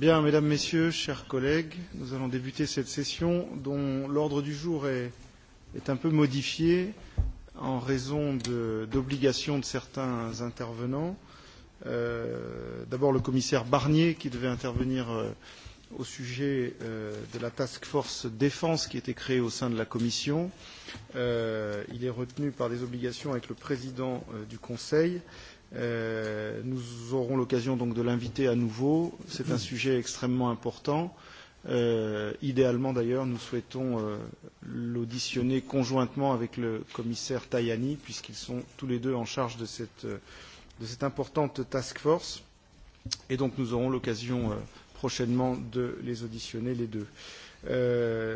mesdames, messieurs, chers collègues, nous allons débuter cette session dont l'ordre du jour est, est un peu modifié en raison d'obligations de, de certains intervenants. Euh, D'abord le commissaire Barnier qui devait intervenir euh, au sujet euh, de la task force défense qui était créée au sein de la Commission. Euh, il est retenu par des obligations avec le président euh, du Conseil. Euh, nous aurons l'occasion donc de l'inviter à nouveau. C'est un sujet extrêmement important. Euh, idéalement d'ailleurs, nous souhaitons euh, l'auditionner conjointement avec le commissaire Tajani, puisqu'ils sont tous les deux en charge de cette, de cette importante task force. Et donc nous aurons l'occasion euh, prochainement de les auditionner les deux. Euh,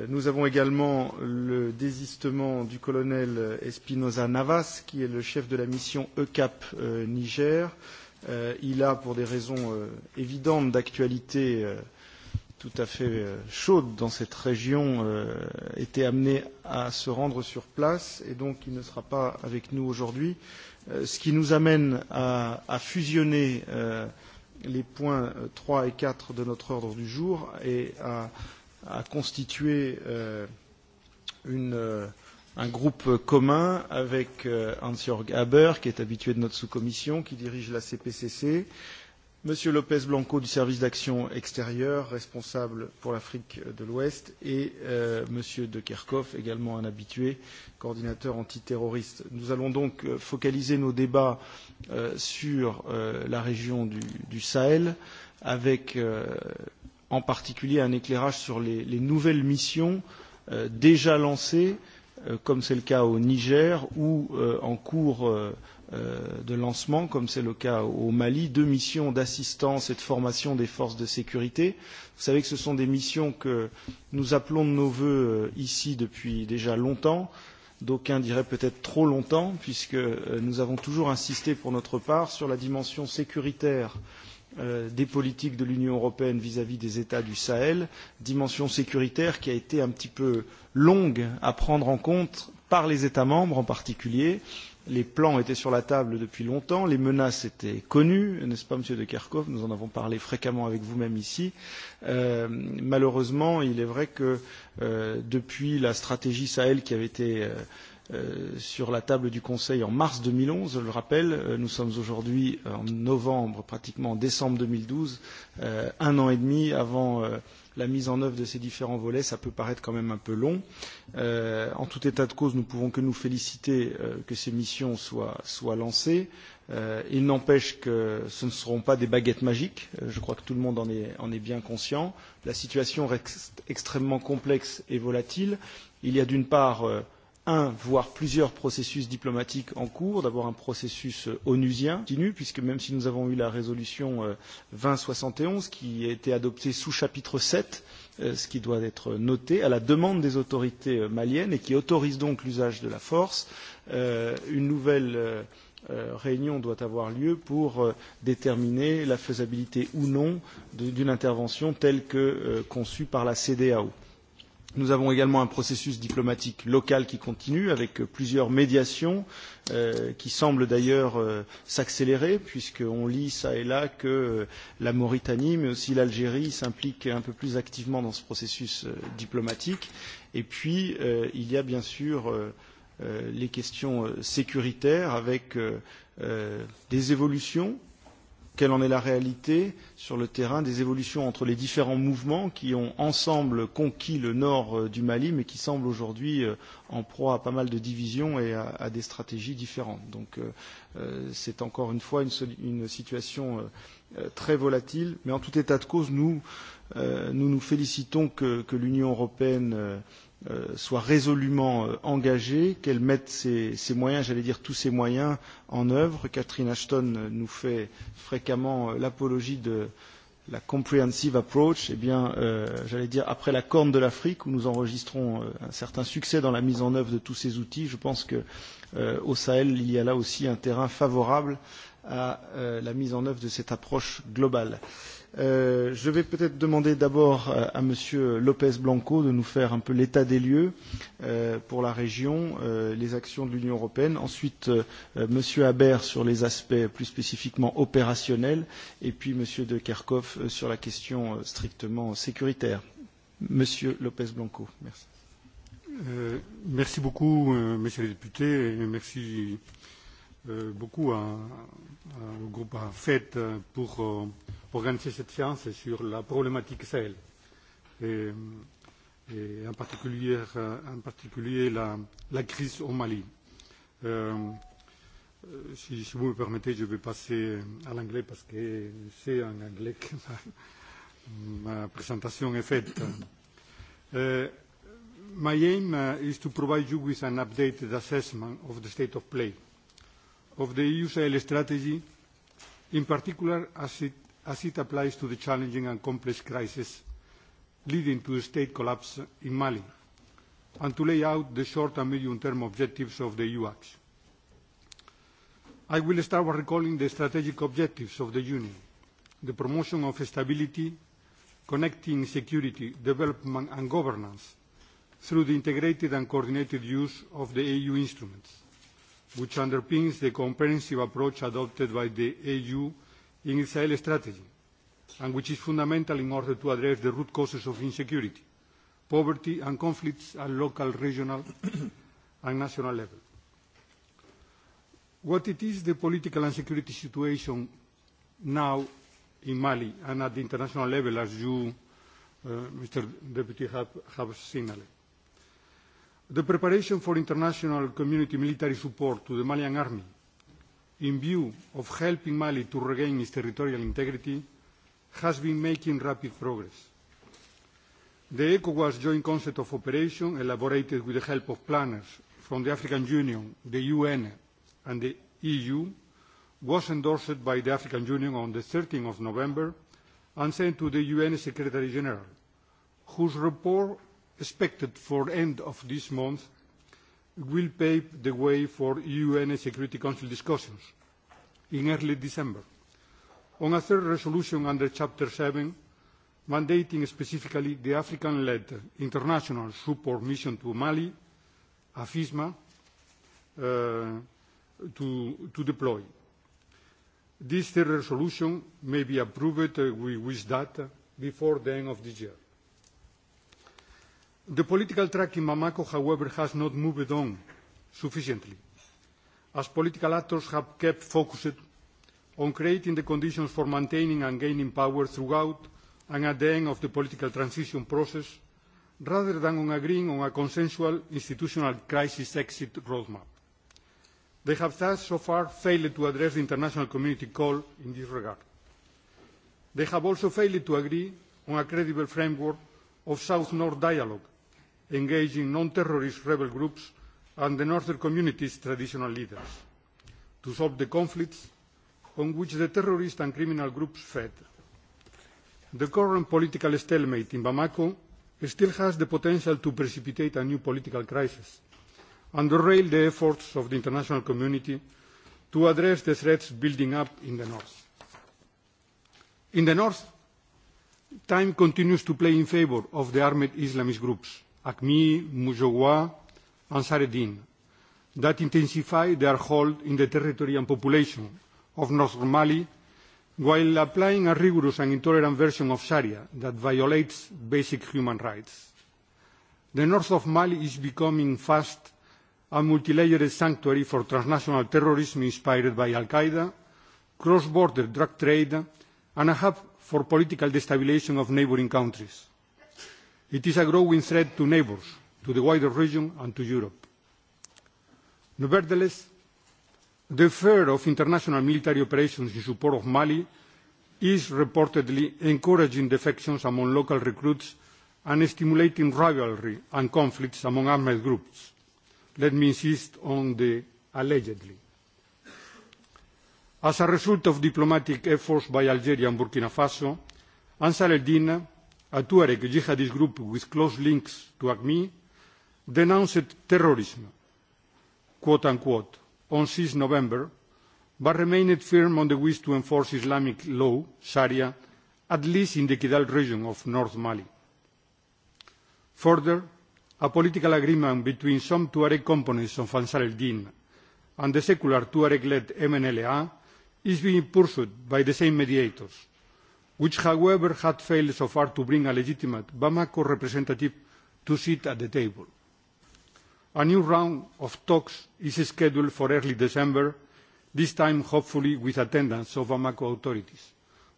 nous avons également le désistement du colonel Espinoza Navas, qui est le chef de la mission ECAP Niger. il a, pour des raisons évidentes d'actualité tout à fait chaude dans cette région, été amené à se rendre sur place et donc il ne sera pas avec nous aujourd'hui. ce qui nous amène à, fusionner les points trois et quatre de notre ordre du jour et à à constituer euh, une, un groupe commun avec euh, Hans-Jörg Haber, qui est habitué de notre sous-commission, qui dirige la CPCC, Monsieur Lopez Blanco du service d'action extérieure, responsable pour l'Afrique de l'Ouest, et euh, Monsieur De Kerkhoff, également un habitué, coordinateur antiterroriste. Nous allons donc focaliser nos débats euh, sur euh, la région du, du Sahel avec euh, en particulier un éclairage sur les, les nouvelles missions euh, déjà lancées, euh, comme c'est le cas au Niger, ou euh, en cours euh, de lancement, comme c'est le cas au Mali, deux missions d'assistance et de formation des forces de sécurité. Vous savez que ce sont des missions que nous appelons de nos voeux ici depuis déjà longtemps. D'aucuns diraient peut-être trop longtemps, puisque nous avons toujours insisté pour notre part sur la dimension sécuritaire euh, des politiques de l'Union européenne vis-à-vis des États du Sahel, dimension sécuritaire qui a été un petit peu longue à prendre en compte par les États membres en particulier. Les plans étaient sur la table depuis longtemps, les menaces étaient connues, n'est-ce pas, Monsieur de Kerkhove Nous en avons parlé fréquemment avec vous-même ici. malheureusement, il est vrai que depuis la stratégie Sahel qui avait été sur la table du Conseil en mars 2011, je le rappelle. Nous sommes aujourd'hui en novembre, pratiquement en décembre 2012, euh, un an et demi avant la mise en œuvre de ces différents volets, ça peut paraître quand même un peu long. Euh, en tout état de cause, nous pouvons que nous féliciter euh, que ces missions soient, soient lancées. Euh, il n'empêche que ce ne seront pas des baguettes magiques. Euh, je crois que tout le monde en est, en est bien conscient. La situation reste extrêmement complexe et volatile. Il y a d'une part euh, un, voire plusieurs processus diplomatiques en cours, d'abord un processus onusien continu, puisque même si nous avons eu la résolution deux mille soixante et onze qui a été adoptée sous chapitre sept, ce qui doit être noté, à la demande des autorités maliennes et qui autorise donc l'usage de la force, une nouvelle réunion doit avoir lieu pour déterminer la faisabilité ou non d'une intervention telle que conçue par la CEDEAO Nous avons également un processus diplomatique local qui continue avec plusieurs médiations qui semblent d'ailleurs s'accélérer puisqu'on lit ça et là que la Mauritanie mais aussi l'Algérie s'impliquent un peu plus activement dans ce processus diplomatique. Et puis il y a bien sûr les questions sécuritaires avec des évolutions quelle en est la réalité sur le terrain, des évolutions entre les différents mouvements qui ont ensemble conquis le nord du Mali, mais qui semblent aujourd'hui en proie à pas mal de divisions et à, à des stratégies différentes. Donc euh, c'est encore une fois une, une situation euh, très volatile, mais en tout état de cause, nous euh, nous, nous félicitons que, que l'Union européenne euh, soit résolument engagée, qu'elle mette ses, moyens, j'allais dire tous ses moyens, en œuvre. Catherine Ashton nous fait fréquemment l'apologie de la comprehensive approach. Eh bien, j'allais dire après la Corne de l'Afrique, où nous enregistrons un certain succès dans la mise en œuvre de tous ces outils, je pense que au Sahel, il y a là aussi un terrain favorable à la mise en œuvre de cette approche globale. Euh, je vais peut-être demander d'abord à Monsieur Lopez Blanco de nous faire un peu l'état des lieux pour la région, les actions de l'Union européenne. Ensuite, Monsieur Haber sur les aspects plus spécifiquement opérationnels, et puis Monsieur De Kerkhoff sur la question strictement sécuritaire. Monsieur Lopez Blanco, merci. merci beaucoup, Monsieur les députés, et merci beaucoup au groupe AFET pour organiser cette séance sur la problématique Sahel, et, en particulier, la, crise au Mali. si, vous me permettez, je vais passer à l'anglais parce que c'est en anglais que ma, présentation est faite. my aim is to provide you with an updated assessment of the state of play of the EU Sahel strategy, in particular as it as it applies to the challenging and complex crisis leading to the state collapse in Mali, and to lay out the short and medium-term objectives of the EU action. I will start by recalling the strategic objectives of the Union, the promotion of stability, connecting security, development and governance through the integrated and coordinated use of the EU instruments, which underpins the comprehensive approach adopted by the EU in its Sahel strategy, and which is fundamental in order to address the root causes of insecurity, poverty and conflicts at local, regional and national level. What it is the political and security situation now in Mali and at the international level, as you, uh, Mr. Deputy, have, have signaled. The preparation for international community military support to the Malian army in view of helping Mali to regain its territorial integrity, has been making rapid progress. The ECOWAS joint concept of operation, elaborated with the help of planners from the African Union, the UN and the EU, was endorsed by the African Union on the 13 of November and sent to the UN Secretary General, whose report expected for the end of this month will pave the way for UN Security Council discussions in early December on a third resolution under Chapter 7 mandating specifically the African-led international support mission to Mali, AFISMA, to deploy. This third resolution may be approved, we wish that, before the end of this year. The political track in Bamako, however, has not moved on sufficiently, as political actors have kept focused on creating the conditions for maintaining and gaining power throughout and at the end of the political transition process, rather than on agreeing on a consensual institutional crisis exit roadmap. They have thus so far failed to address the international community call in this regard. They have also failed to agree on a credible framework of South-North dialogue engaging non-terrorist rebel groups and the northern community's traditional leaders to solve the conflicts on which the terrorist and criminal groups fed. The current political stalemate in Bamako still has the potential to precipitate a new political crisis and derail the efforts of the international community to address the threats building up in the north. In the north, time continues to play in favour of the armed Islamist groups Acme, Mujowa, and Saredin, that intensify their hold in the territory and population of northern Mali, while applying a rigorous and intolerant version of Sharia that violates basic human rights. The north of Mali is becoming fast a multilayered sanctuary for transnational terrorism inspired by Al-Qaeda, cross-border drug trade, and a hub for political destabilization of neighbouring countries. It is a growing threat to neighbours, to the wider region and to Europe. Nevertheless, the fear of international military operations in support of Mali is reportedly encouraging defections among local recruits and stimulating rivalry and conflicts among armed groups. Let me insist on the allegedly. As a result of diplomatic efforts by Algeria and Burkina Faso, Ansar el-Din a Tuareg jihadist group with close links to ACMI, denounced terrorism, quote unquote, on 6 November, but remained firm on the wish to enforce Islamic law, Sharia, at least in the Kidal region of North Mali. Further, a political agreement between some Tuareg components of Ansar al din and the secular Tuareg-led MNLA is being pursued by the same mediators which however had failed so far to bring a legitimate Bamako representative to sit at the table. A new round of talks is scheduled for early December, this time hopefully with attendance of Bamako authorities.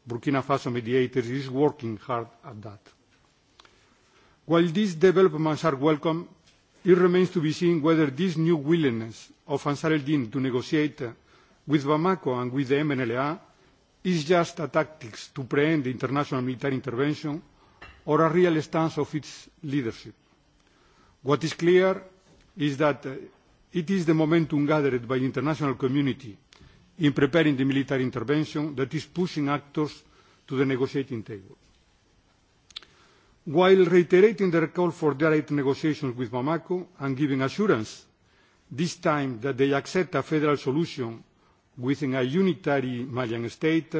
Burkina Faso mediators is working hard at that. While these developments are welcome, it remains to be seen whether this new willingness of Ansar el-Din to negotiate with Bamako and with the MNLA is just a tactic to preempt the international military intervention or a real stance of its leadership. What is clear is that it is the momentum gathered by the international community in preparing the military intervention that is pushing actors to the negotiating table. While reiterating their call for direct negotiations with Bamako and giving assurance this time that they accept a federal solution within a unitary Malian state,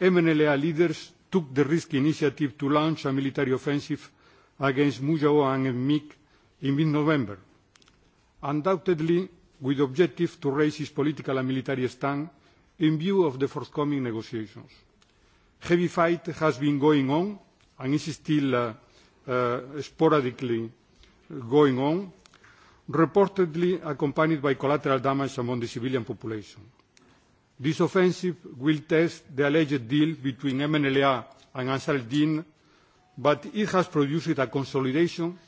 MNLA leaders took the risky initiative to launch a military offensive against Mujahou and MMIC in mid-November, undoubtedly with the objective to raise its political and military stand in view of the forthcoming negotiations. Heavy fight has been going on and is still sporadically going on, reportedly accompanied by collateral damage among the civilian population This offensive will test the alleged deal between MNLA and Ansar al-Din, but it has produced a consolidation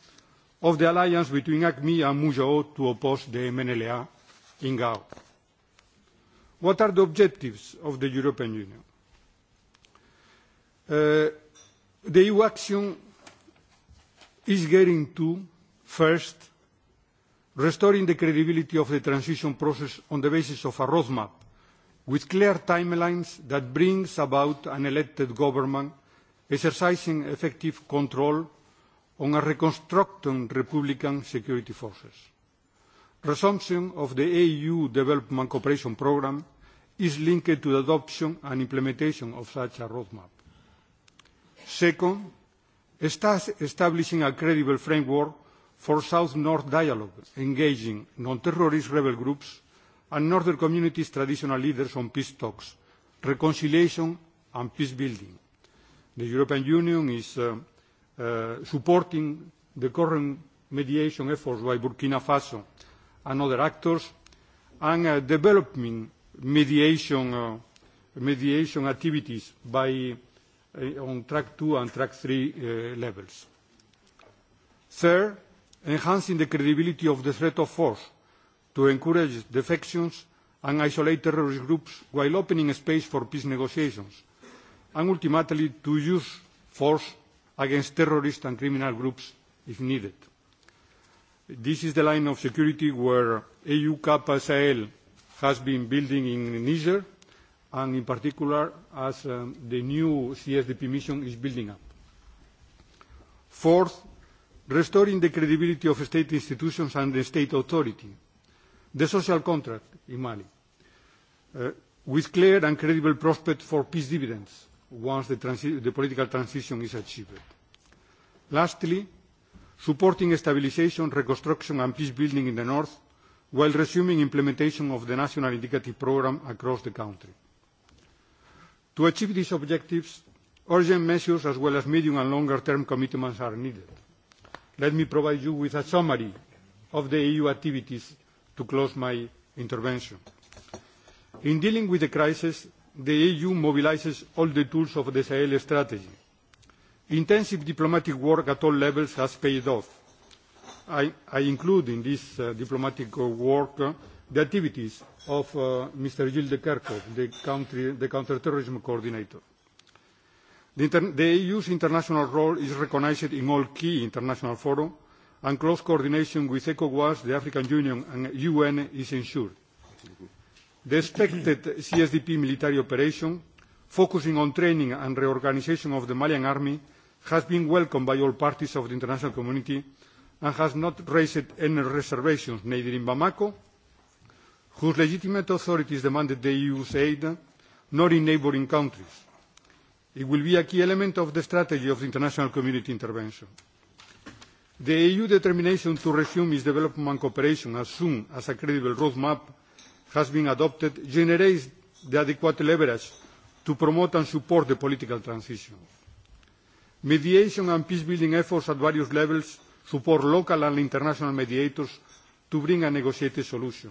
of the alliance between ACMI and Mujahid to oppose the MNLA in Gao. What are the objectives of the European Union? the EU action is getting to, first, restoring the credibility of the transition process on the basis of a roadmap with clear timelines that brings about an elected government exercising effective control on a reconstructing Republican security forces. Resumption of the EU Development Cooperation Programme is linked to the adoption and implementation of such a roadmap. Second, establishing a credible framework for South-North dialogue, engaging non-terrorist rebel groups and northern communities' traditional leaders on peace talks, reconciliation and peace building. The European Union is supporting the current mediation efforts by Burkina Faso and other actors and developing mediation, activities by, on track two and track three levels. Third, enhancing the credibility of the threat of force to encourage defections and isolate terrorist groups while opening space for peace negotiations, and ultimately to use force against terrorist and criminal groups if needed. This is the line of security where AU-CAP Sahel has been building in Niger, and in particular as the new CSDP mission is building up. Fourth, restoring the credibility of state institutions and the state authority the social contract in Mali, with clear and credible prospects for peace dividends once the, the political transition is achieved. Lastly, supporting stabilisation, reconstruction and peace building in the north while resuming implementation of the national indicative programme across the country. To achieve these objectives, urgent measures as well as medium and longer term commitments are needed. Let me provide you with a summary of the EU activities to close my intervention. In dealing with the crisis, the EU mobilises all the tools of the Sahel strategy. Intensive diplomatic work at all levels has paid off. I, include in this diplomatic work the activities of Mr. Gilles de Kerkhoff, the, counter terrorism coordinator. The, EU's international role is recognised in all key international forums, and close coordination with ECOWAS, the African Union, and UN is ensured. The expected CSDP military operation, focusing on training and reorganisation of the Malian army, has been welcomed by all parties of the international community and has not raised any reservations, neither in Bamako, whose legitimate authorities demanded the EU's aid, nor in neighbouring countries. It will be a key element of the strategy of the international community intervention. The EU determination to resume its development cooperation as soon as a credible roadmap has been adopted generates the adequate leverage to promote and support the political transition. Mediation and peace-building efforts at various levels support local and international mediators to bring a negotiated solution.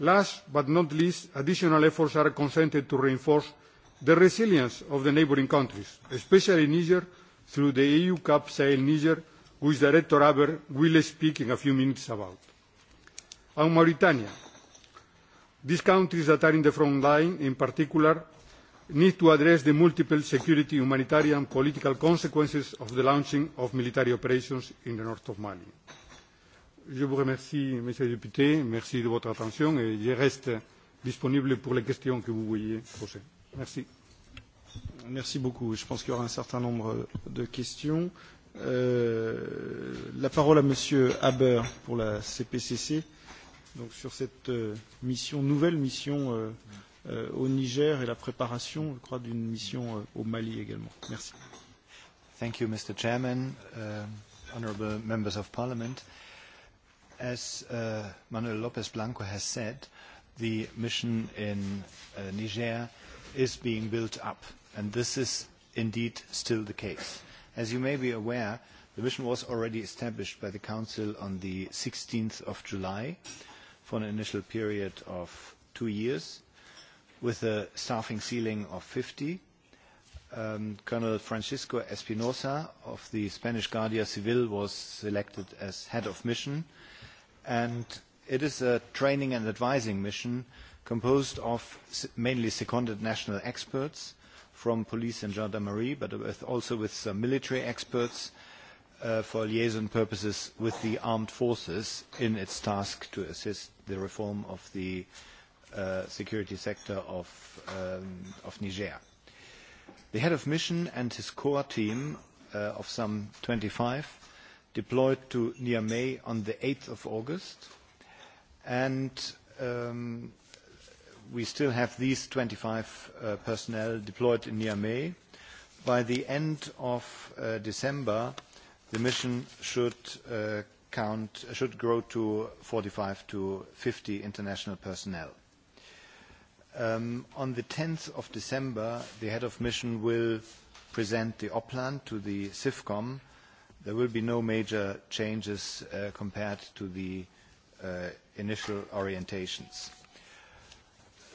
Last but not least, additional efforts are consented to reinforce the resilience of the neighbouring countries, especially Niger, through the EU CAP Sahel Niger which Director Aber will speak in a few minutes about. On Mauritania, these countries that are in the front line in particular need to address the multiple security, humanitarian and political consequences of the launching of military operations in the north of Mali. Je vous remercie, messieurs les députés, merci de votre attention et je reste disponible pour les questions que vous voyez poser. Merci. Merci beaucoup. Je pense qu'il y aura un certain nombre de questions la parole à Monsieur Haber pour la CPCC, donc sur cette mission, nouvelle mission au Niger et la préparation, je crois, d'une mission au Mali également. Merci. Thank you, Mr. Chairman, uh, honourable members of Parliament. As uh, Manuel Lopez Blanco has said, the mission in uh, Niger is being built up, and this is indeed still the case As you may be aware, the mission was already established by the Council on the 16th of July for an initial period of two years with a staffing ceiling of 50. Colonel Francisco Espinosa of the Spanish Guardia Civil was selected as head of mission. And it is a training and advising mission composed of mainly seconded national experts from police and gendarmerie, but with also with some military experts for liaison purposes with the armed forces in its task to assist the reform of the security sector of Niger. The head of mission and his core team of some twenty five deployed to Niamey on the 8th of August, and we still have these 25 uh, personnel deployed in Niamey. By the end of uh, December, the mission should uh, count should grow to 45 to 50 international personnel. Um, on the 10th of December, the head of mission will present the OPLAN to the CIFCOM. There will be no major changes uh, compared to the uh, initial orientations.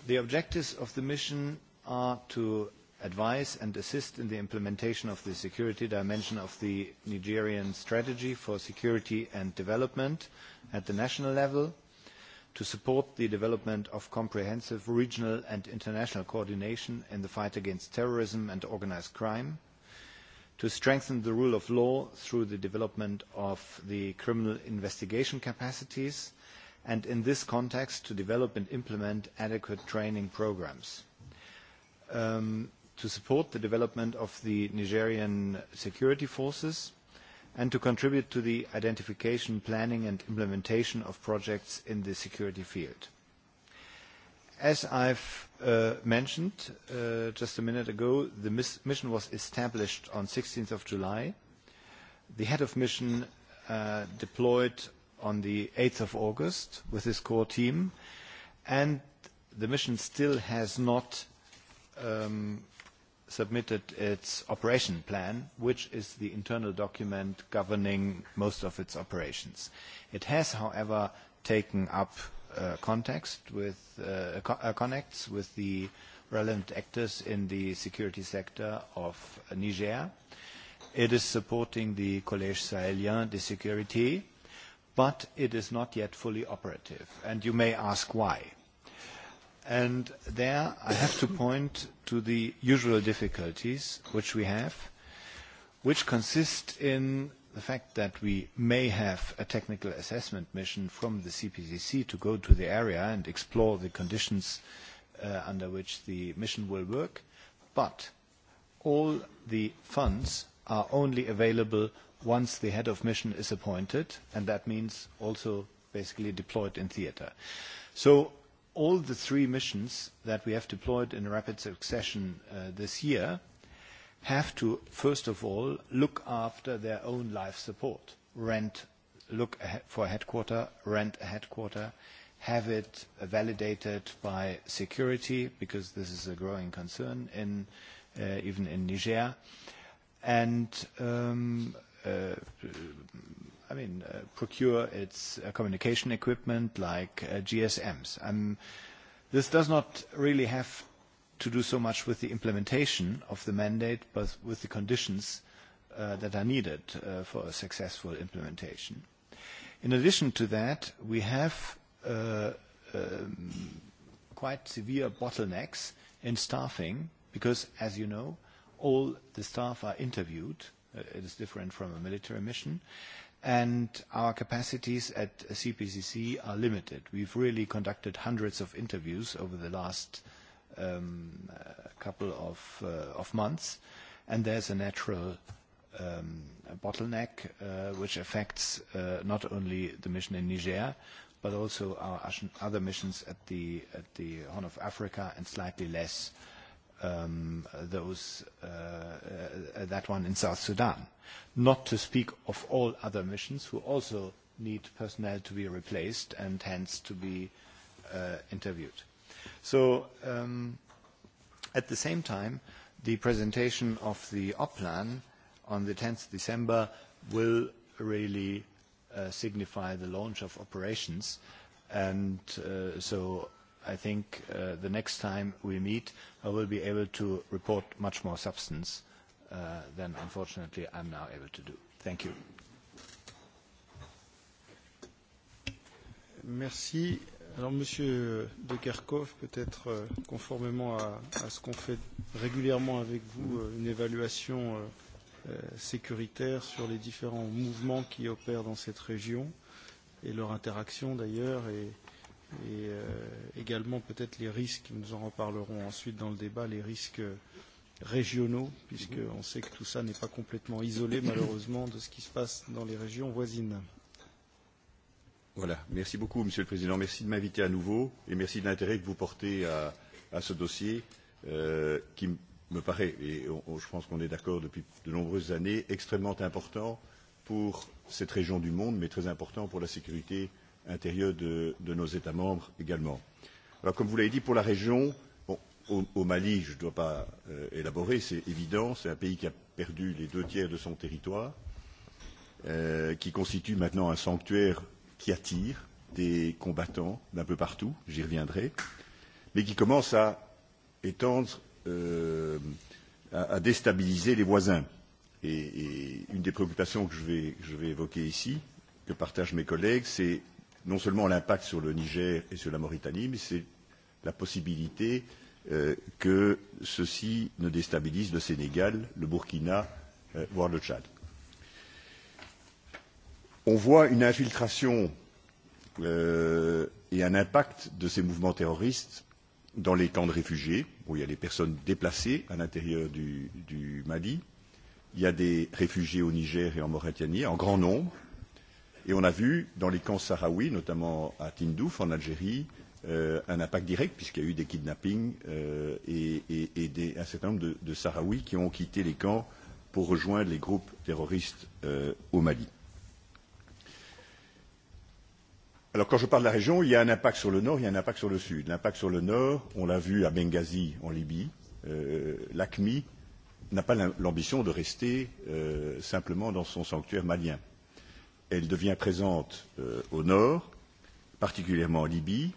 The objectives of the mission are to advise and assist in the implementation of the security dimension of the Nigerian strategy for security and development at the national level, to support the development of comprehensive regional and international coordination in the fight against terrorism and organised crime, to strengthen the rule of law through the development of the criminal investigation capacities, and in this context to develop and implement adequate training programs. to support the development of the Nigerian security forces and to contribute to the identification, planning and implementation of projects in the security field. As I've uh, mentioned uh, just a minute ago, the mission was established on 16th of July. The head of mission uh, deployed on the 8th of August with his core team, and the mission still has not submitted its operation plan, which is the internal document governing most of its operations. It has, however, taken up contacts with connects with the relevant actors in the security sector of Niger. It is supporting the Collège Sahelien de Sécurité, but it is not yet fully operative. And you may ask why. And there I have to point to the usual difficulties which we have, which consist in the fact that we may have a technical assessment mission from the CPCC to go to the area and explore the conditions under which the mission will work, but all the funds are only available once the head of mission is appointed, and that means also basically deployed in theater. So all the three missions that we have deployed in rapid succession this year have to, first of all, look after their own life support, rent, look for a headquarter, rent a headquarter, have it validated by security, because this is a growing concern in uh even in Niger, and um I mean, uh, procure its uh, communication equipment like uh, GSMs. this does not really have to do so much with the implementation of the mandate, but with the conditions uh, that are needed uh, for a successful implementation. In addition to that, we have uh, um, quite severe bottlenecks in staffing because, as you know, all the staff are interviewed It is different from a military mission. And our capacities at CPCC are limited. We've really conducted hundreds of interviews over the last um, couple of, uh, of months. And there's a natural um, bottleneck uh, which affects uh, not only the mission in Niger, but also our other missions at the, at the Horn of Africa and slightly less uh, um, those, uh, uh, that one in South Sudan. Not to speak of all other missions who also need personnel to be replaced and hence to be uh, interviewed. So um, at the same time, the presentation of the OP plan on the 10th December will really uh, signify the launch of operations. And uh, so I think the next time we meet, I will be able to report much more substance than unfortunately I'm now able to do. Thank you. Merci. Alors, Monsieur De Kerkhoff, peut-être conformément à, ce qu'on fait régulièrement avec vous, une évaluation sécuritaire sur les différents mouvements qui opèrent dans cette région et leur interaction d'ailleurs et et également peut-être les risques, nous en reparlerons ensuite dans le débat, les risques régionaux, puisqu'on sait que tout ça n'est pas complètement isolé malheureusement de ce qui se passe dans les régions voisines. Voilà, merci beaucoup Monsieur le Président, merci de m'inviter à nouveau et merci de l'intérêt que vous portez à, à ce dossier euh, qui me paraît, et on, on, je pense qu'on est d'accord depuis de nombreuses années, extrêmement important pour cette région du monde, mais très important pour la sécurité euh, intérieur de, nos États membres également. Alors, comme vous l'avez dit, pour la région, au, Mali, je ne dois pas élaborer, c'est évident, c'est un pays qui a perdu les deux tiers de son territoire, qui constitue maintenant un sanctuaire qui attire des combattants d'un peu partout, j'y reviendrai, mais qui commence à étendre, à, déstabiliser les voisins. Et, une des préoccupations que je vais, évoquer ici, que partagent mes collègues, c'est non seulement l'impact sur le Niger et sur la Mauritanie, mais c'est la possibilité que ceci ne déstabilise le Sénégal, le Burkina, voire le Tchad. On voit une infiltration et un impact de ces mouvements terroristes dans les camps de réfugiés, où il y a des personnes déplacées à l'intérieur du, Mali. Il y a des réfugiés au Niger et en Mauritanie, en grand nombre. Et on a vu dans les camps sahraouis, notamment à Tindouf en Algérie, euh, un impact direct puisqu'il y a eu des kidnappings euh, et, et, et des, un certain nombre de, de Sahraouis qui ont quitté les camps pour rejoindre les groupes terroristes euh, au Mali. Alors quand je parle de la région, il y a un impact sur le nord, il y a un impact sur le sud. L'impact sur le nord, on l'a vu à Benghazi en Libye, euh, l'ACMI n'a pas l'ambition de rester euh, simplement dans son sanctuaire malien elle devient présente au nord, particulièrement en Libye,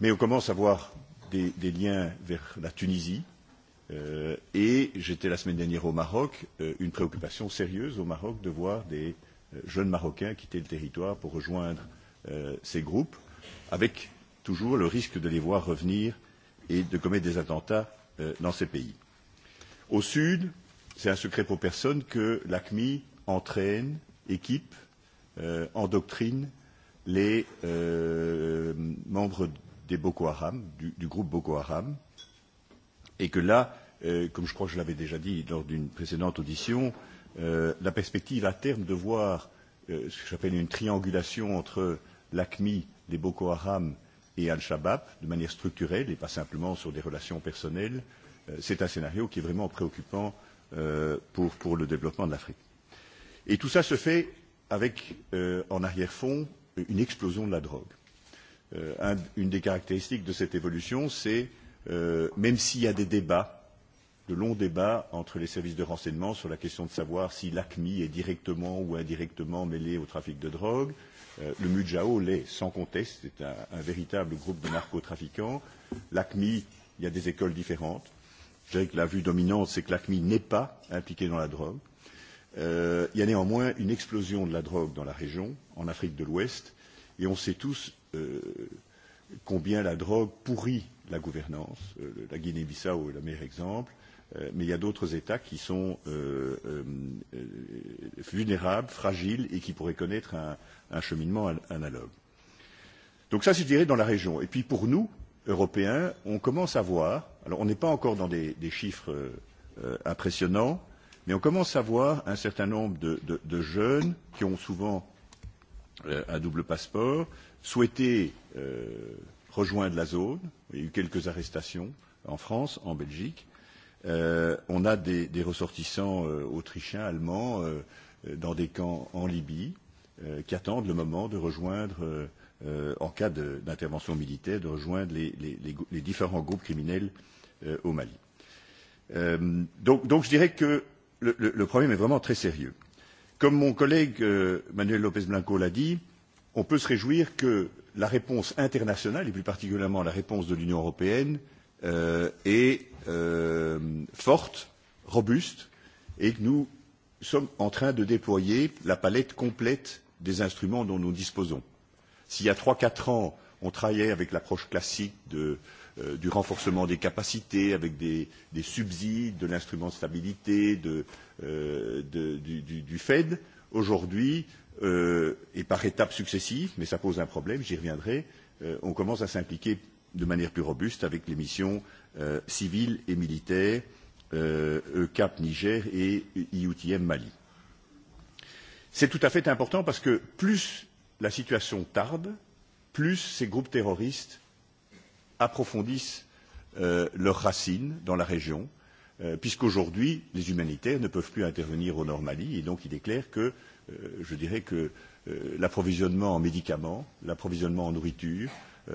mais on commence à voir des, liens vers la Tunisie. et j'étais la semaine dernière au Maroc, une préoccupation sérieuse au Maroc de voir des jeunes Marocains quitter le territoire pour rejoindre ces groupes, avec toujours le risque de les voir revenir et de commettre des attentats dans ces pays. Au sud, c'est un secret pour personne que l'ACMI entraîne équipe endoctrine les membres des Boko Haram, du, groupe Boko Haram, et que là, comme je crois que je l'avais déjà dit lors d'une précédente audition, la perspective à terme de voir ce que j'appelle une triangulation entre l'ACMI, les Boko Haram et Al-Shabaab de manière structurelle et pas simplement sur des relations personnelles, c'est un scénario qui est vraiment préoccupant pour, pour le développement de l'Afrique. Et tout ça se fait avec euh, en arrière-fond une explosion de la drogue. Euh, un, une des caractéristiques de cette évolution, c'est euh, même s'il y a des débats, de longs débats entre les services de renseignement sur la question de savoir si l'ACMI est directement ou indirectement mêlé au trafic de drogue, euh, le Mujao l'est sans conteste, c'est un, un véritable groupe de narcotrafiquants. L'ACMI, il y a des écoles différentes. Je dirais que la vue dominante, c'est que l'ACMI n'est pas impliqué dans la drogue. Euh, il y a néanmoins une explosion de la drogue dans la région, en Afrique de l'Ouest, et on sait tous combien la drogue pourrit la gouvernance. la Guinée-Bissau est le meilleur exemple, mais il y a d'autres États qui sont vulnérables, fragiles et qui pourraient connaître un, cheminement analogue. Donc ça, je dirais dans la région. Et puis pour nous, Européens, on commence à voir, alors on n'est pas encore dans des, chiffres impressionnants, Mais on commence à voir un certain nombre de, de, de jeunes qui ont souvent euh, un double passeport souhaiter euh, rejoindre la zone. Il y a eu quelques arrestations en France, en Belgique. Euh, on a des, des ressortissants euh, autrichiens, allemands, euh, dans des camps en Libye, euh, qui attendent le moment de rejoindre, euh, euh, en cas d'intervention militaire, de rejoindre les, les, les, les différents groupes criminels euh, au Mali. Euh, donc, donc je dirais que le, le, problème est vraiment très sérieux. Comme mon collègue euh, Manuel Lopez Blanco l'a dit, on peut se réjouir que la réponse internationale, et plus particulièrement la réponse de l'Union européenne, euh, est euh, forte, robuste, et que nous sommes en train de déployer la palette complète des instruments dont nous disposons. S'il y a trois quatre ans, on travaillait avec l'approche classique de du renforcement des capacités avec des, des subsides, de l'instrument de stabilité, de, euh, de, du, du, du Fed, aujourd'hui, euh, et par étapes successives, mais ça pose un problème, j'y reviendrai, euh, on commence à s'impliquer de manière plus robuste avec les missions euh, civiles et militaires euh, ECAP Niger et IUTM Mali. C'est tout à fait important parce que plus la situation tarde, plus ces groupes terroristes approfondissent leurs racines dans la région, puisqu'aujourd'hui, les humanitaires ne peuvent plus intervenir au Nord Mali, et donc il est clair que, je dirais que l'approvisionnement en médicaments, l'approvisionnement en nourriture,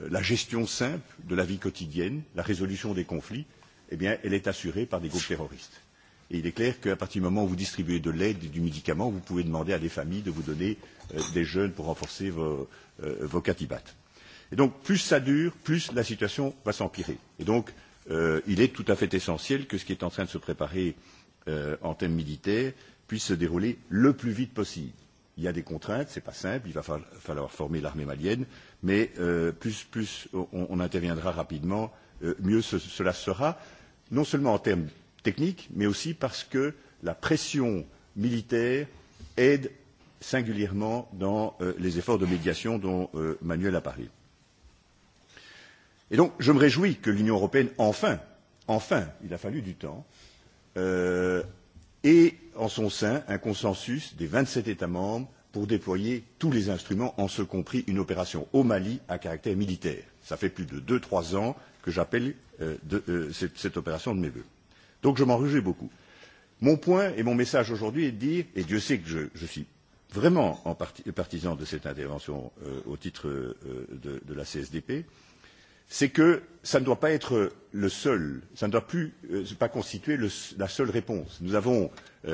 la gestion simple de la vie quotidienne, la résolution des conflits, eh bien, elle est assurée par des groupes terroristes. Et il est clair qu'à partir du moment où vous distribuez de l'aide et du médicament, vous pouvez demander à des familles de vous donner des jeunes pour renforcer vos, euh, vos katibates. Et donc, plus ça dure, plus la situation va s'empirer. Et donc, euh, il est tout à fait essentiel que ce qui est en train de se préparer euh, en thème militaire puisse se dérouler le plus vite possible. Il y a des contraintes, ce n'est pas simple, il va falloir former l'armée malienne, mais euh, plus, plus on, on interviendra rapidement, euh, mieux ce, cela sera, non seulement en termes techniques, mais aussi parce que la pression militaire aide singulièrement dans euh, les efforts de médiation dont euh, Manuel a parlé. Et donc, je me réjouis que l'Union européenne, enfin, enfin, il a fallu du temps, euh, ait en son sein un consensus des 27 États membres pour déployer tous les instruments, en ce compris une opération au Mali à caractère militaire. Cela fait plus de deux trois ans que j'appelle cette, opération de mes vœux. Donc je m'en réjouis beaucoup. Mon point et mon message aujourd'hui est de dire, et Dieu sait que je, suis vraiment partisan de cette intervention au titre de, la CSDP, c'est que ça ne doit pas être le seul, ça ne doit plus pas constituer la seule réponse. Nous avons, et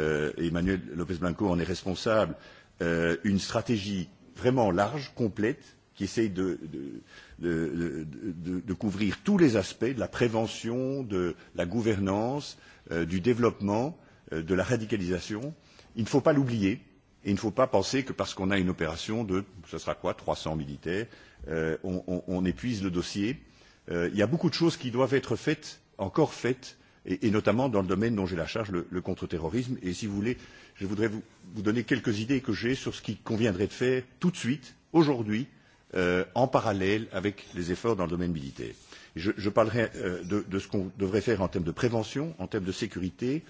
Emmanuel Lopez Blanco en est responsable, une stratégie vraiment large, complète, qui essaye de, couvrir tous les aspects de la prévention, de la gouvernance, du développement, de la radicalisation. Il ne faut pas l'oublier et il ne faut pas penser que parce qu'on a une opération de, ce sera quoi, 300 militaires, euh, on, on, on épuise le dossier. Euh, il y a beaucoup de choses qui doivent être faites, encore faites, et, et notamment dans le domaine dont j'ai la charge, le, le contre-terrorisme. Et si vous voulez, je voudrais vous, vous donner quelques idées que j'ai sur ce qu'il conviendrait de faire tout de suite, aujourd'hui, euh, en parallèle avec les efforts dans le domaine militaire. Je, je parlerai euh, de, de ce qu'on devrait faire en termes de prévention, en termes de sécurité,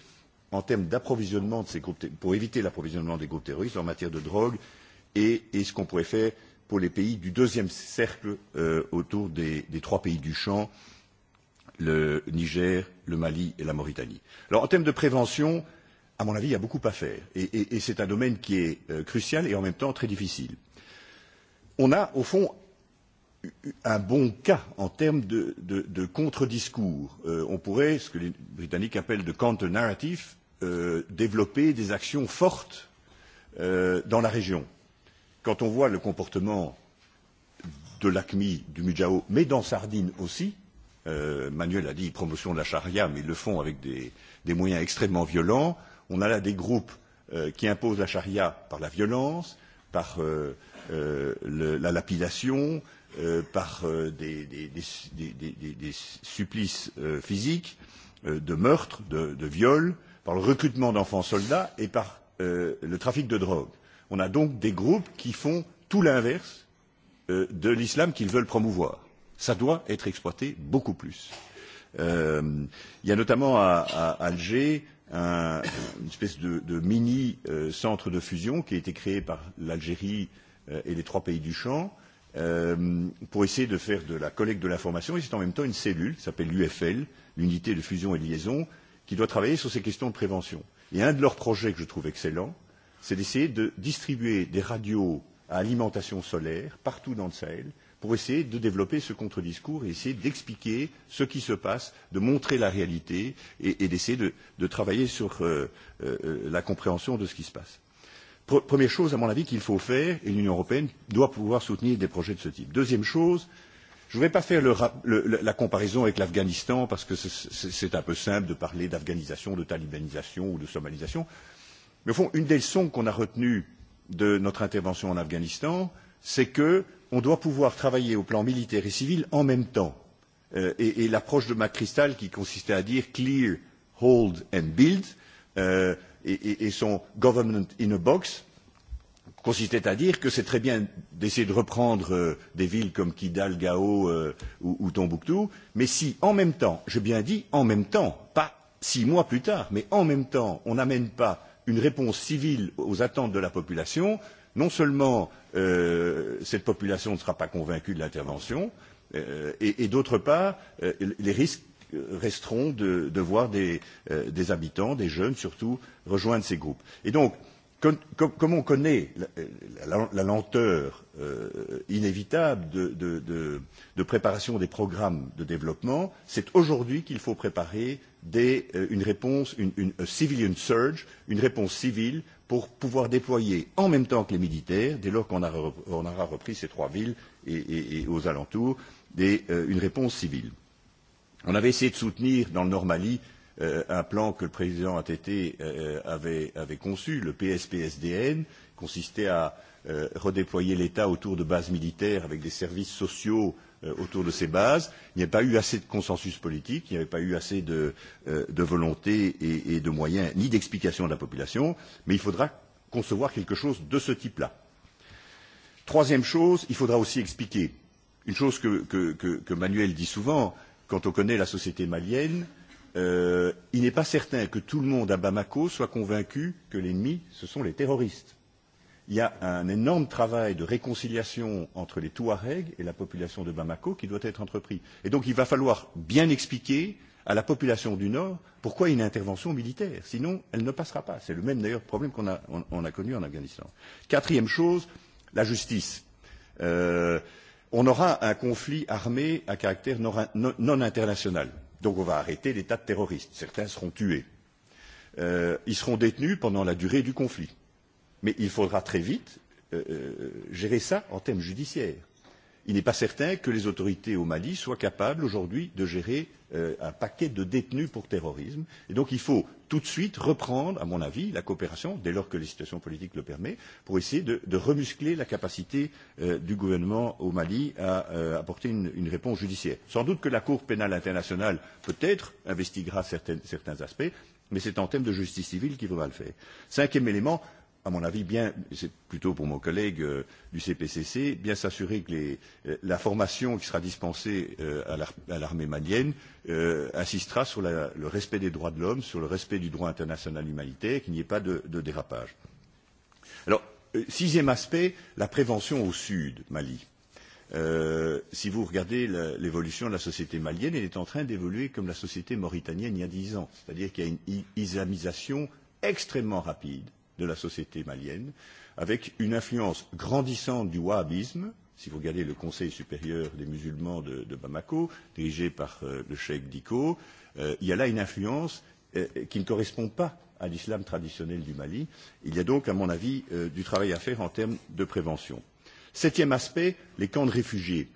en termes d'approvisionnement de ces groupes, pour éviter l'approvisionnement des groupes terroristes en matière de drogue, et, et ce qu'on pourrait faire euh, pour les pays du deuxième cercle autour des, trois pays du champ, le Niger, le Mali et la Mauritanie. Alors en termes de prévention, à mon avis, il y a beaucoup à faire. Et, c'est un domaine qui est crucial et en même temps très difficile. On a, au fond, un bon cas en termes de, de, de contre-discours. on pourrait, ce que les Britanniques appellent de counter-narrative, développer des actions fortes dans la région Quand on voit le comportement de l'ACMI, du Mujao, mais dans Sardine aussi, Manuel a dit promotion de la charia, mais ils le font avec des, moyens extrêmement violents. On a là des groupes qui imposent la charia par la violence, par la lapidation, par des, supplices physiques, de meurtres, de, viols, par le recrutement d'enfants soldats et par le trafic de drogue. On a donc des groupes qui font tout l'inverse de l'islam qu'ils veulent promouvoir. Ça doit être exploité beaucoup plus. il y a notamment à, Alger une espèce de, mini centre de fusion qui a été créé par l'Algérie et les trois pays du champ pour essayer de faire de la collecte de l'information. Et c'est en même temps une cellule qui s'appelle l'UFL, l'unité de fusion et de liaison, qui doit travailler sur ces questions de prévention. Et un de leurs projets que je trouve excellent, c'est d'essayer de distribuer des radios à alimentation solaire partout dans le Sahel pour essayer de développer ce contre-discours et essayer d'expliquer ce qui se passe, de montrer la réalité et, et d'essayer de, de travailler sur euh, euh, la compréhension de ce qui se passe. première chose, à mon avis, qu'il faut faire, et l'Union européenne doit pouvoir soutenir des projets de ce type. Deuxième chose, je ne vais pas faire le, le, la comparaison avec l'Afghanistan parce que c'est un peu simple de parler d'afghanisation, de talibanisation ou de somalisation. Mais au fond, une des leçons qu'on a retenues de notre intervention en Afghanistan, c'est qu'on doit pouvoir travailler au plan militaire et civil en même temps. et l'approche de McChrystal qui consistait à dire clear, hold and build et, son government in a box consistait à dire que c'est très bien d'essayer de reprendre des villes comme Kidal, Gao ou, Tombouctou, mais si en même temps, j'ai bien dit en même temps, pas six mois plus tard, mais en même temps, on n'amène pas une réponse civile aux attentes de la population, non seulement cette population ne sera pas convaincue de l'intervention, et, d'autre part, les risques resteront de, de voir des, des habitants, des jeunes surtout, rejoindre ces groupes. Et donc, comme, on connaît la, lenteur inévitable de, de, de, de préparation des programmes de développement, c'est aujourd'hui qu'il faut préparer une réponse, une, civilian surge, une réponse civile pour pouvoir déployer en même temps que les militaires, dès lors qu'on aura repris ces trois villes et, aux alentours, une réponse civile. On avait essayé de soutenir dans le Nord Mali un plan que le président ATT avait, conçu, le PSPSDN, consistait à redéployer l'État autour de bases militaires avec des services sociaux euh, autour de ces bases. Il n'y a pas eu assez de consensus politique, il n'y avait pas eu assez de, volonté et, de moyens, ni d'explication de la population, mais il faudra concevoir quelque chose de ce type-là. Troisième chose, il faudra aussi expliquer une chose que, Manuel dit souvent, quand on connaît la société malienne, il n'est pas certain que tout le monde à Bamako soit convaincu que l'ennemi, ce sont les terroristes il y a un énorme travail de réconciliation entre les Touaregs et la population de Bamako qui doit être entrepris. Et donc il va falloir bien expliquer à la population du Nord pourquoi une intervention militaire. Sinon, elle ne passera pas. C'est le même d'ailleurs problème qu'on a, on, on a connu en Afghanistan. Quatrième chose, la justice. Euh, on aura un conflit armé à caractère non, non international. Donc on va arrêter l'état de terroriste, Certains seront tués. Euh, ils seront détenus pendant la durée du conflit Mais il faudra très vite gérer cela en termes judiciaires. Il n'est pas certain que les autorités au Mali soient capables aujourd'hui de gérer un paquet de détenus pour terrorisme. Et donc il faut tout de suite reprendre, à mon avis, la coopération, dès lors que la situation politique le permet, pour essayer de, remuscler la capacité du gouvernement au Mali à apporter une, réponse judiciaire. Sans doute que la Cour pénale internationale, peut-être, investiguera certains aspects, mais c'est en termes de justice civile qu'il faudra le faire. Cinquième élément, à mon avis, bien, c'est plutôt pour mon collègue euh, du CPCC, bien s'assurer que les, euh, la formation qui sera dispensée euh, à l'armée malienne euh, insistera sur la, le respect des droits de l'homme, sur le respect du droit international humanitaire, qu'il n'y ait pas de, de dérapage. Alors, euh, sixième aspect, la prévention au sud, Mali. Euh, si vous regardez l'évolution de la société malienne, elle est en train d'évoluer comme la société mauritanienne il y a dix ans, c'est-à-dire qu'il y a une islamisation extrêmement rapide de la société malienne, avec une influence grandissante du wahhabisme. Si vous regardez le Conseil supérieur des musulmans de, de Bamako, dirigé par euh, le cheikh Diko, euh, il y a là une influence euh, qui ne correspond pas à l'islam traditionnel du Mali. Il y a donc, à mon avis, euh, du travail à faire en termes de prévention. Septième aspect, les camps de réfugiés.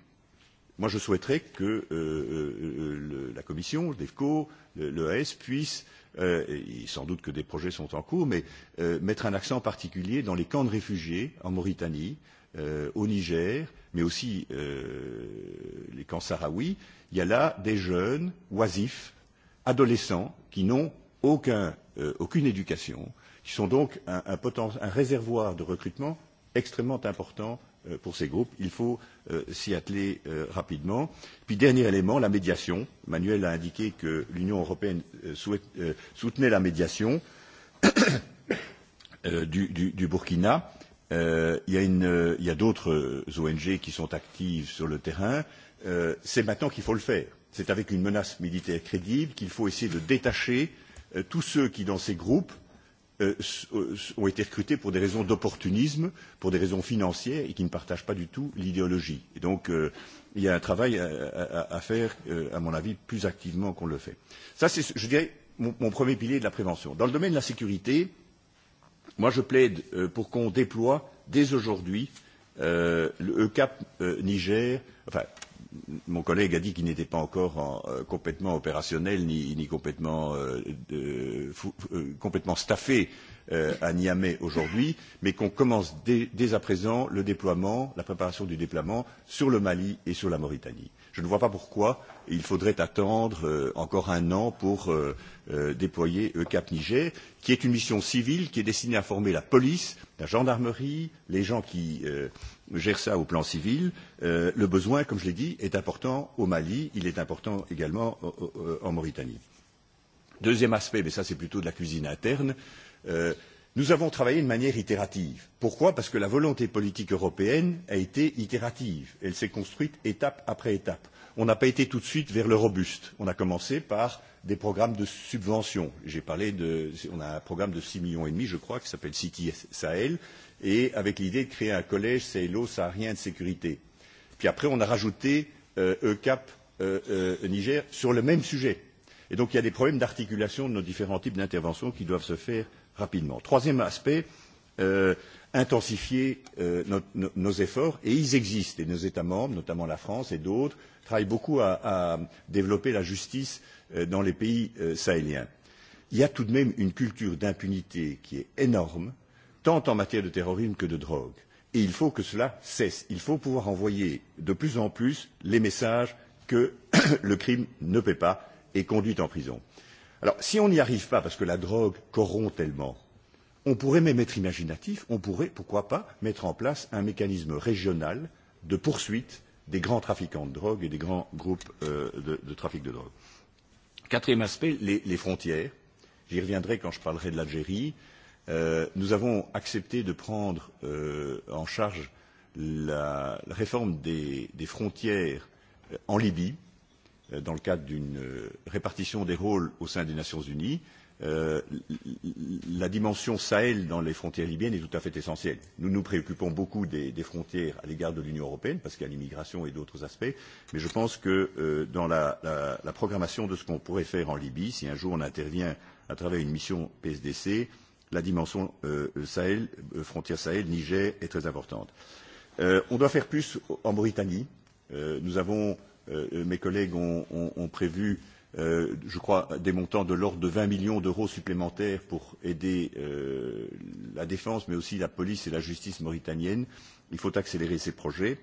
Moi, je souhaiterais que euh, euh, le, la Commission, l'EFCO, l'EAS puissent euh, et sans doute que des projets sont en cours, mais euh, mettre un accent particulier dans les camps de réfugiés en Mauritanie, euh, au Niger, mais aussi euh, les camps sahraouis, il y a là des jeunes oisifs, adolescents, qui n'ont aucun, euh, aucune éducation, qui sont donc un, un, un réservoir de recrutement extrêmement important pour ces groupes. Il faut s'y atteler rapidement. Puis dernier élément, la médiation. Manuel a indiqué que l'Union européenne soutenait la médiation du, Burkina. il y a, d'autres ONG qui sont actives sur le terrain. c'est maintenant qu'il faut le faire. C'est avec une menace militaire crédible qu'il faut essayer de détacher tous ceux qui, dans ces groupes, ont été recrutés pour des raisons d'opportunisme, pour des raisons financières et qui ne partagent pas du tout l'idéologie. Et donc, il y a un travail à, faire, à mon avis, plus activement qu'on le fait. Ça, c'est, je dirais, mon, premier pilier de la prévention. Dans le domaine de la sécurité, moi, je plaide pour qu'on déploie dès aujourd'hui le ECAP Niger, enfin, mon collègue a dit qu'il n'était pas encore complètement opérationnel ni, complètement, staffé à Niamey aujourd'hui, mais qu'on commence dès, à présent le déploiement, la préparation du déploiement sur le Mali et sur la Mauritanie. Je ne vois pas pourquoi il faudrait attendre encore un an pour déployer ECAP Niger, qui est une mission civile qui est destinée à former la police, la gendarmerie, les gens qui gèrent cela au plan civil. le besoin, comme je l'ai dit, est important au Mali, il est important également en Mauritanie. Deuxième aspect, mais ça c'est plutôt de la cuisine interne, euh, Nous avons travaillé de manière itérative. Pourquoi Parce que la volonté politique européenne a été itérative. Elle s'est construite étape après étape. On n'a pas été tout de suite vers le robuste. On a commencé par des programmes de subvention. J'ai parlé de, on a un programme de 6,5 millions et demi, je crois, qui s'appelle City Sahel, et avec l'idée de créer un collège sahélo-saharien de sécurité. Puis après, on a rajouté euh, ECAP euh, euh, Niger sur le même sujet. Et donc, il y a des problèmes d'articulation de nos différents types d'interventions qui doivent se faire rapidement. Troisième aspect, intensifier nos, efforts, et ils existent, et nos États membres, notamment la France et d'autres, travaillent beaucoup à, développer la justice dans les pays sahéliens. Il y a tout de même une culture d'impunité qui est énorme, tant en matière de terrorisme que de drogue. Et il faut que cela cesse. Il faut pouvoir envoyer de plus en plus les messages que le crime ne paie pas et conduit en prison. Alors, si on n'y arrive pas, parce que la drogue corrompt tellement, on pourrait même être imaginatif, on pourrait, pourquoi pas, mettre en place un mécanisme régional de poursuite des grands trafiquants de drogue et des grands groupes de, trafic de drogue. Quatrième aspect, les, frontières. J'y reviendrai quand je parlerai de l'Algérie. nous avons accepté de prendre en charge la, réforme des, frontières en Libye dans le cadre d'une répartition des rôles au sein des Nations Unies, la dimension Sahel dans les frontières libyennes est tout à fait essentielle. Nous nous préoccupons beaucoup des, frontières à l'égard de l'Union européenne, parce qu'il y a l'immigration et d'autres aspects, mais je pense que dans la, programmation de ce qu'on pourrait faire en Libye, si un jour on intervient à travers une mission PSDC, la dimension Sahel, frontière Sahel, Niger est très importante. on doit faire plus en Mauritanie. nous avons euh, mes collègues ont, prévu, je crois, des montants de l'ordre de vingt millions d'euros supplémentaires pour aider la défense, mais aussi la police et la justice mauritanienne. Il faut accélérer ces projets.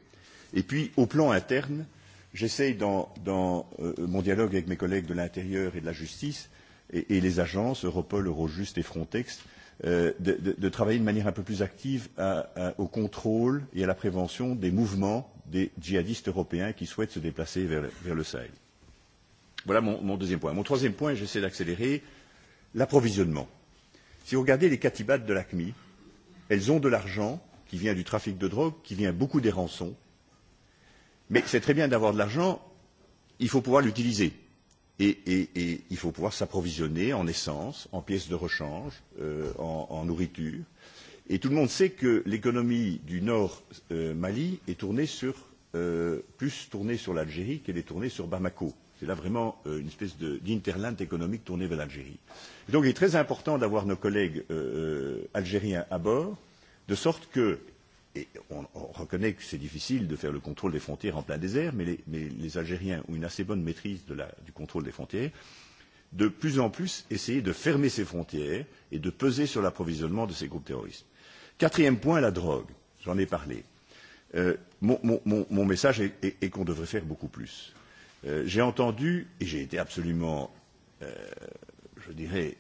Et puis, au plan interne, j'essaye dans, mon dialogue avec mes collègues de l'intérieur et de la justice et, les agences Europol, Eurojust et Frontex de, travailler de manière un peu plus active au contrôle et à la prévention des mouvements des djihadistes européens qui souhaitent se déplacer vers, le Sahel. Voilà mon, deuxième point. Mon troisième point, j'essaie d'accélérer, l'approvisionnement. Si vous regardez les katibates de l'ACMI, elles ont de l'argent qui vient du trafic de drogue, qui vient beaucoup des rançons, mais c'est très bien d'avoir de l'argent, il faut pouvoir l'utiliser. Et, et, et il faut pouvoir s'approvisionner en essence, en pièces de rechange, euh, en, en nourriture. Euh, Et tout le monde sait que l'économie du Nord Mali est tournée sur, plus tournée sur l'Algérie qu'elle est tournée sur Bamako. C'est là vraiment une espèce d'interlinde économique tournée vers l'Algérie. donc il est très important d'avoir nos collègues algériens à bord, de sorte que, et on, reconnaît que c'est difficile de faire le contrôle des frontières en plein désert, mais les, Algériens ont une assez bonne maîtrise du contrôle des frontières, de plus en plus essayer de fermer ces frontières et de peser sur l'approvisionnement de ces groupes terroristes. Quatrième point, la drogue. J'en ai parlé. Euh, mon, mon, mon, mon message est, est, est qu'on devrait faire beaucoup plus. Euh, j'ai entendu, et j'ai été absolument, euh, je dirais,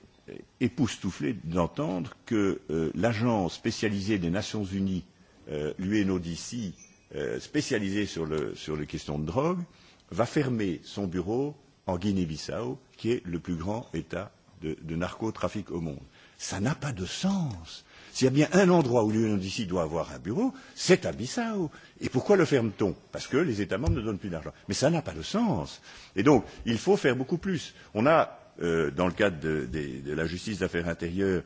époustouflé d'entendre que euh, l'agence spécialisée des Nations Unies, euh, l'UNODC, euh, spécialisée sur, le, sur les questions de drogue, va fermer son bureau en Guinée-Bissau, qui est le plus grand État de, de narcotrafic au monde. Ça n'a pas de sens S'il y a bien un endroit où l'Union d'ici doit avoir un bureau, c'est à Bissau. Et pourquoi le ferme-t-on Parce que les États membres ne donnent plus d'argent. Mais ça n'a pas de sens. Et donc, il faut faire beaucoup plus. On a, euh, dans le cadre de, de, de la justice d'affaires intérieures,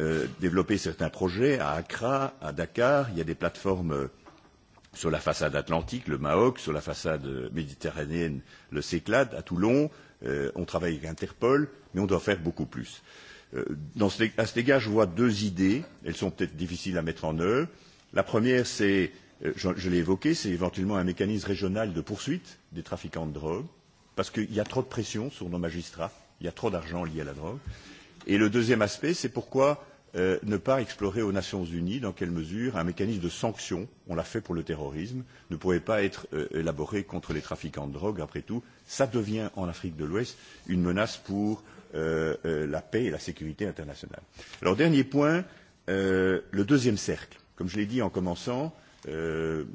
euh, développé certains projets à Accra, à Dakar. Il y a des plateformes sur la façade atlantique, le MAOC, sur la façade méditerranéenne, le CECLAD, à Toulon. Euh, on travaille avec Interpol, mais on doit faire beaucoup plus. Euh, ce, à cet égard, je vois deux idées. Elles sont peut-être difficiles à mettre en œuvre. La première, c'est, je, je l'ai évoqué, c'est éventuellement un mécanisme régional de poursuite des trafiquants de drogue, parce qu'il y a trop de pression sur nos magistrats, il y a trop d'argent lié à la drogue. Et le deuxième aspect, c'est pourquoi euh, ne pas explorer aux Nations Unies dans quelle mesure un mécanisme de sanction, on l'a fait pour le terrorisme, ne pourrait pas être euh, élaboré contre les trafiquants de drogue. Après tout, ça devient en Afrique de l'Ouest une menace pour euh, la paix et la sécurité internationale. Alors, dernier point, le deuxième cercle. Comme je l'ai dit en commençant, nous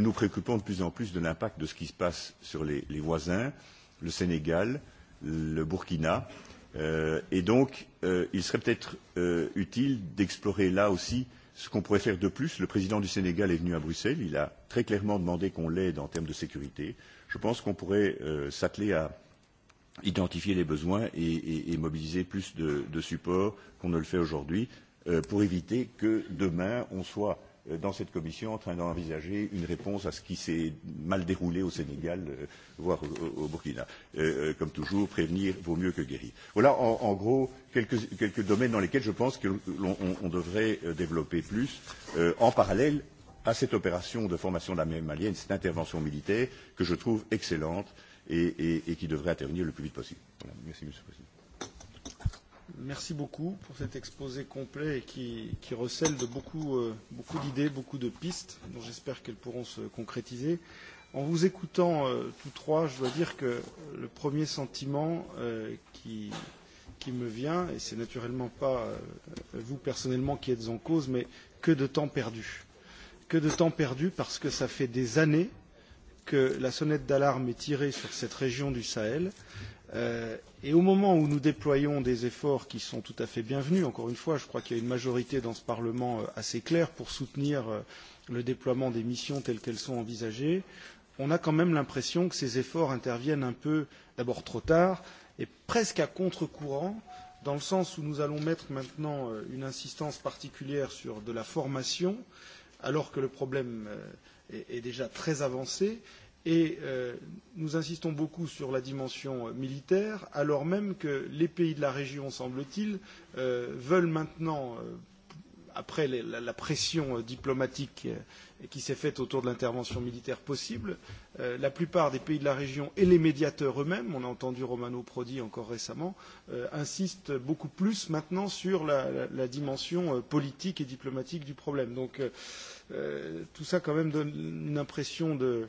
nous préoccupons de plus en plus de l'impact de ce qui se passe sur les, voisins, le Sénégal, le Burkina, et donc il serait peut-être utile d'explorer là aussi ce qu'on pourrait faire de plus. Le président du Sénégal est venu à Bruxelles, il a très clairement demandé qu'on l'aide en termes de sécurité. Je pense qu'on pourrait s'atteler à identifier les besoins et, et, et mobiliser plus de, de supports qu'on ne le fait aujourd'hui euh, pour éviter que demain on soit dans cette commission en train d'envisager une réponse à ce qui s'est mal déroulé au Sénégal, voire au, Burkina. Euh, comme toujours, prévenir vaut mieux que guérir. Voilà en, en gros quelques, quelques domaines dans lesquels je pense que l'on devrait développer plus euh, en parallèle à cette opération de formation de la malienne, cette intervention militaire que je trouve excellente euh, et, et, qui devrait intervenir le plus vite possible. Voilà. Merci, Monsieur le Président. Merci beaucoup pour cet exposé complet et qui, qui recèle de beaucoup, euh, beaucoup d'idées, beaucoup de pistes, dont j'espère qu'elles pourront se concrétiser. En vous écoutant euh, tous trois, je dois dire que le premier sentiment euh, qui, qui me vient, et c'est naturellement pas euh, vous personnellement qui êtes en cause, mais que de temps perdu. Que de temps perdu parce que ça fait des années que la sonnette d'alarme est tirée sur cette région du Sahel. et au moment où nous déployons des efforts qui sont tout à fait bienvenus, encore une fois, je crois qu'il y a une majorité dans ce Parlement assez claire pour soutenir le déploiement des missions telles qu'elles sont envisagées, on a quand même l'impression que ces efforts interviennent un peu d'abord trop tard et presque à contre-courant, dans le sens où nous allons mettre maintenant une insistance particulière sur de la formation, alors que le problème est, déjà très avancée et nous insistons beaucoup sur la dimension militaire, alors même que les pays de la région, semble-t-il, veulent maintenant après la, pression diplomatique qui s'est faite autour de l'intervention militaire possible, la plupart des pays de la région et les médiateurs eux-mêmes, on a entendu Romano Prodi encore récemment, insistent beaucoup plus maintenant sur la, dimension politique et diplomatique du problème. Donc tout ça quand même donne une impression de,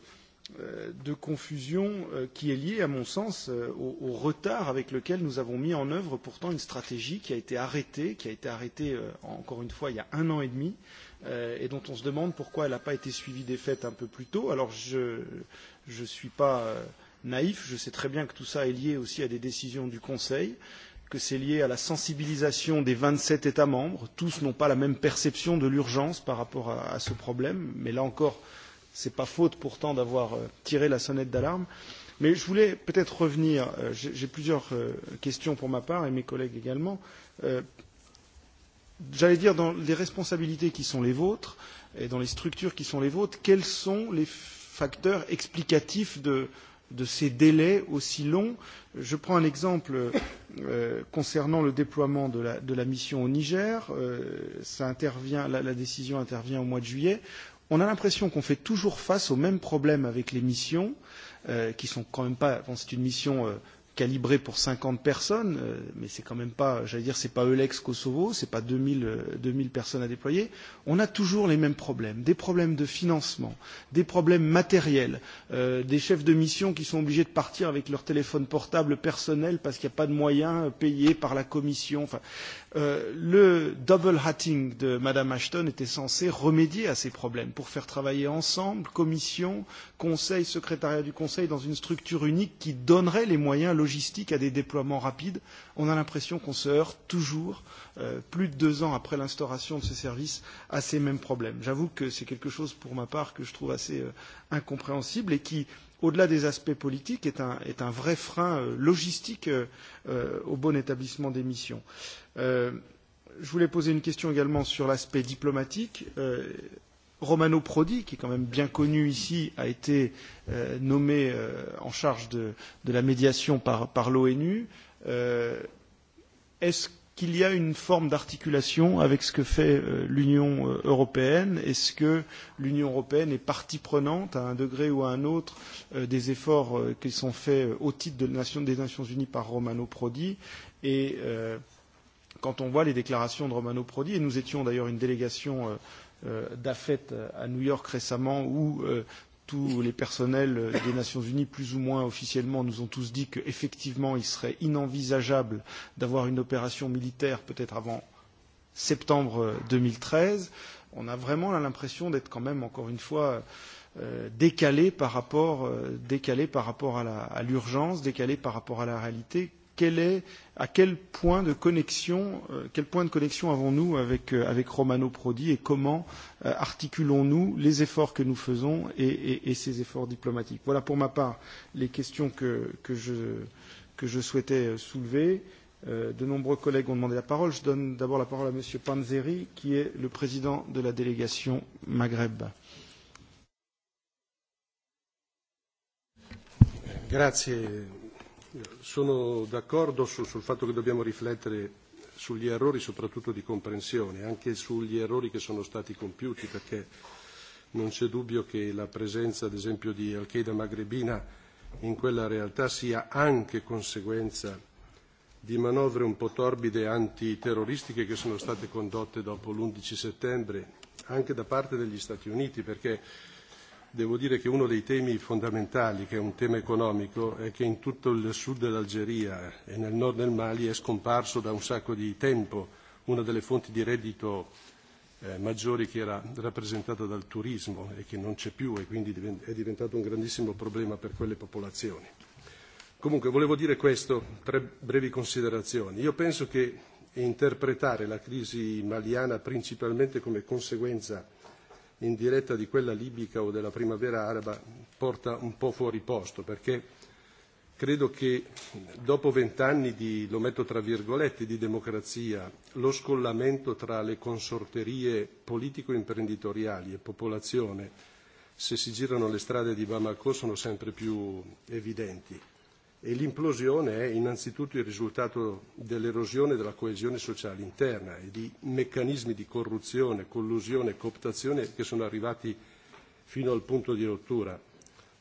de confusion qui est liée, à mon sens, au, au retard avec lequel nous avons mis en œuvre pourtant une stratégie qui a été arrêtée, qui a été arrêtée encore une fois il y a un an et demi, et dont on se demande pourquoi elle n'a pas été suivie des faits un peu plus tôt. Alors je ne suis pas naïf, je sais très bien que tout ça est lié aussi à des décisions du Conseil que c'est lié à la sensibilisation des vingt sept États membres. Tous n'ont pas la même perception de l'urgence par rapport à, ce problème, mais là encore, ce n'est pas faute pourtant d'avoir tiré la sonnette d'alarme. Mais je voulais peut-être revenir, j'ai plusieurs questions pour ma part et mes collègues également. J'allais dire, dans les responsabilités qui sont les vôtres et dans les structures qui sont les vôtres, quels sont les facteurs explicatifs de, euh, de ces délais aussi longs. Je prends un exemple concernant le déploiement de la, mission au Niger. la décision intervient au mois de juillet. On a l'impression qu'on fait toujours face aux mêmes problèmes avec les missions, qui sont quand même pas. c'est une mission calibré pour 50 personnes, mais c'est quand même pas, j'allais dire, c'est pas Eulex Kosovo, c'est pas 2000, 2000 personnes à déployer. On a toujours les mêmes problèmes, des problèmes de financement, des problèmes matériels, euh, des chefs de mission qui sont obligés de partir avec leur téléphone portable personnel parce qu'il n'y a pas de moyens payés par la commission. Enfin, euh, le double hatting de Madame Ashton était censé remédier à ces problèmes pour faire travailler ensemble commission, conseil, secrétariat du conseil dans une structure unique qui donnerait les moyens logistique à des déploiements rapides. On a l'impression qu'on se heurte toujours, euh, plus de deux ans après l'instauration de ce service, à ces mêmes problèmes. J'avoue que c'est quelque chose, pour ma part, que je trouve assez euh, incompréhensible et qui, au-delà des aspects politiques, est un, est un vrai frein euh, logistique euh, euh, au bon établissement des missions. Euh, je voulais poser une question également sur l'aspect diplomatique. Euh, Romano Prodi, qui est quand même bien connu ici, a été euh, nommé euh, en charge de, de la médiation par, par l'ONU. Est-ce qu'il y a une forme d'articulation avec ce que fait l'Union européenne Est-ce que l'Union européenne est partie prenante, à un degré ou à un autre, des efforts qui sont faits au titre de Nation, des Nations Unies par Romano Prodi Et quand on voit les déclarations de Romano Prodi, et nous étions d'ailleurs une délégation d'Afet à New York récemment où tous les personnels des Nations Unies, plus ou moins officiellement, nous ont tous dit qu'effectivement, il serait inenvisageable d'avoir une opération militaire peut-être avant septembre deux mille treize. On a vraiment l'impression d'être quand même, encore une fois, décalé par rapport, décalé par rapport à l'urgence, décalé par rapport à la réalité quel est, à quel point de connexion, euh, quel point de connexion avons-nous avec, euh, avec Romano Prodi et comment euh, articulons-nous les efforts que nous faisons et, et, et ces efforts diplomatiques Voilà pour ma part les questions que, que, je, que je souhaitais soulever. de nombreux collègues ont demandé la parole. Je donne d'abord la parole à Monsieur Panzeri, qui est le président de la délégation Maghreb. Grazie sono d'accordo sul fatto che dobbiamo riflettere sugli errori soprattutto di comprensione, anche sugli errori che sono stati compiuti, perché non c'è dubbio che la presenza, ad esempio, di Al-Qaeda maghrebina in quella realtà sia anche conseguenza di manovre un po' torbide antiterroristiche che sono state condotte dopo l'11 settembre, anche da parte degli Stati Uniti, perché devo dire che uno dei temi fondamentali, che è un tema economico, è che in tutto il sud dell'Algeria e nel nord del Mali è scomparso da un sacco di tempo una delle fonti di reddito eh, maggiori che era rappresentata dal turismo e che non c'è più e quindi è diventato un grandissimo problema per quelle popolazioni. Comunque volevo dire questo, tre brevi considerazioni. Io penso che interpretare la crisi maliana principalmente come conseguenza in diretta di quella libica o della primavera araba porta un po' fuori posto, perché credo che dopo vent'anni di, lo metto tra virgolette, di democrazia, lo scollamento tra le consorterie politico-imprenditoriali e popolazione, se si girano le strade di Bamako, sono sempre più evidenti e l'implosione è innanzitutto il risultato dell'erosione della coesione sociale interna e di meccanismi di corruzione, collusione e cooptazione che sono arrivati fino al punto di rottura.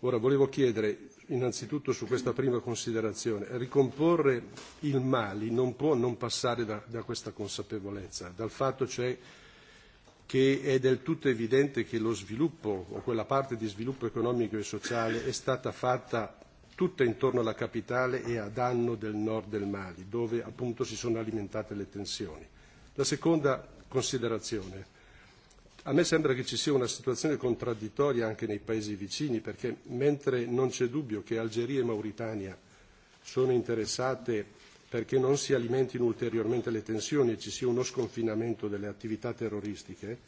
Ora volevo chiedere innanzitutto su questa prima considerazione, ricomporre il Mali non può non passare da, da questa consapevolezza, dal fatto cioè che è del tutto evidente che lo sviluppo o quella parte di sviluppo economico e sociale è stata fatta tutta intorno alla capitale e a danno del nord del Mali, dove appunto si sono alimentate le tensioni. La seconda considerazione. A me sembra che ci sia una situazione contraddittoria anche nei paesi vicini, perché mentre non c'è dubbio che Algeria e Mauritania sono interessate perché non si alimentino ulteriormente le tensioni e ci sia uno sconfinamento delle attività terroristiche,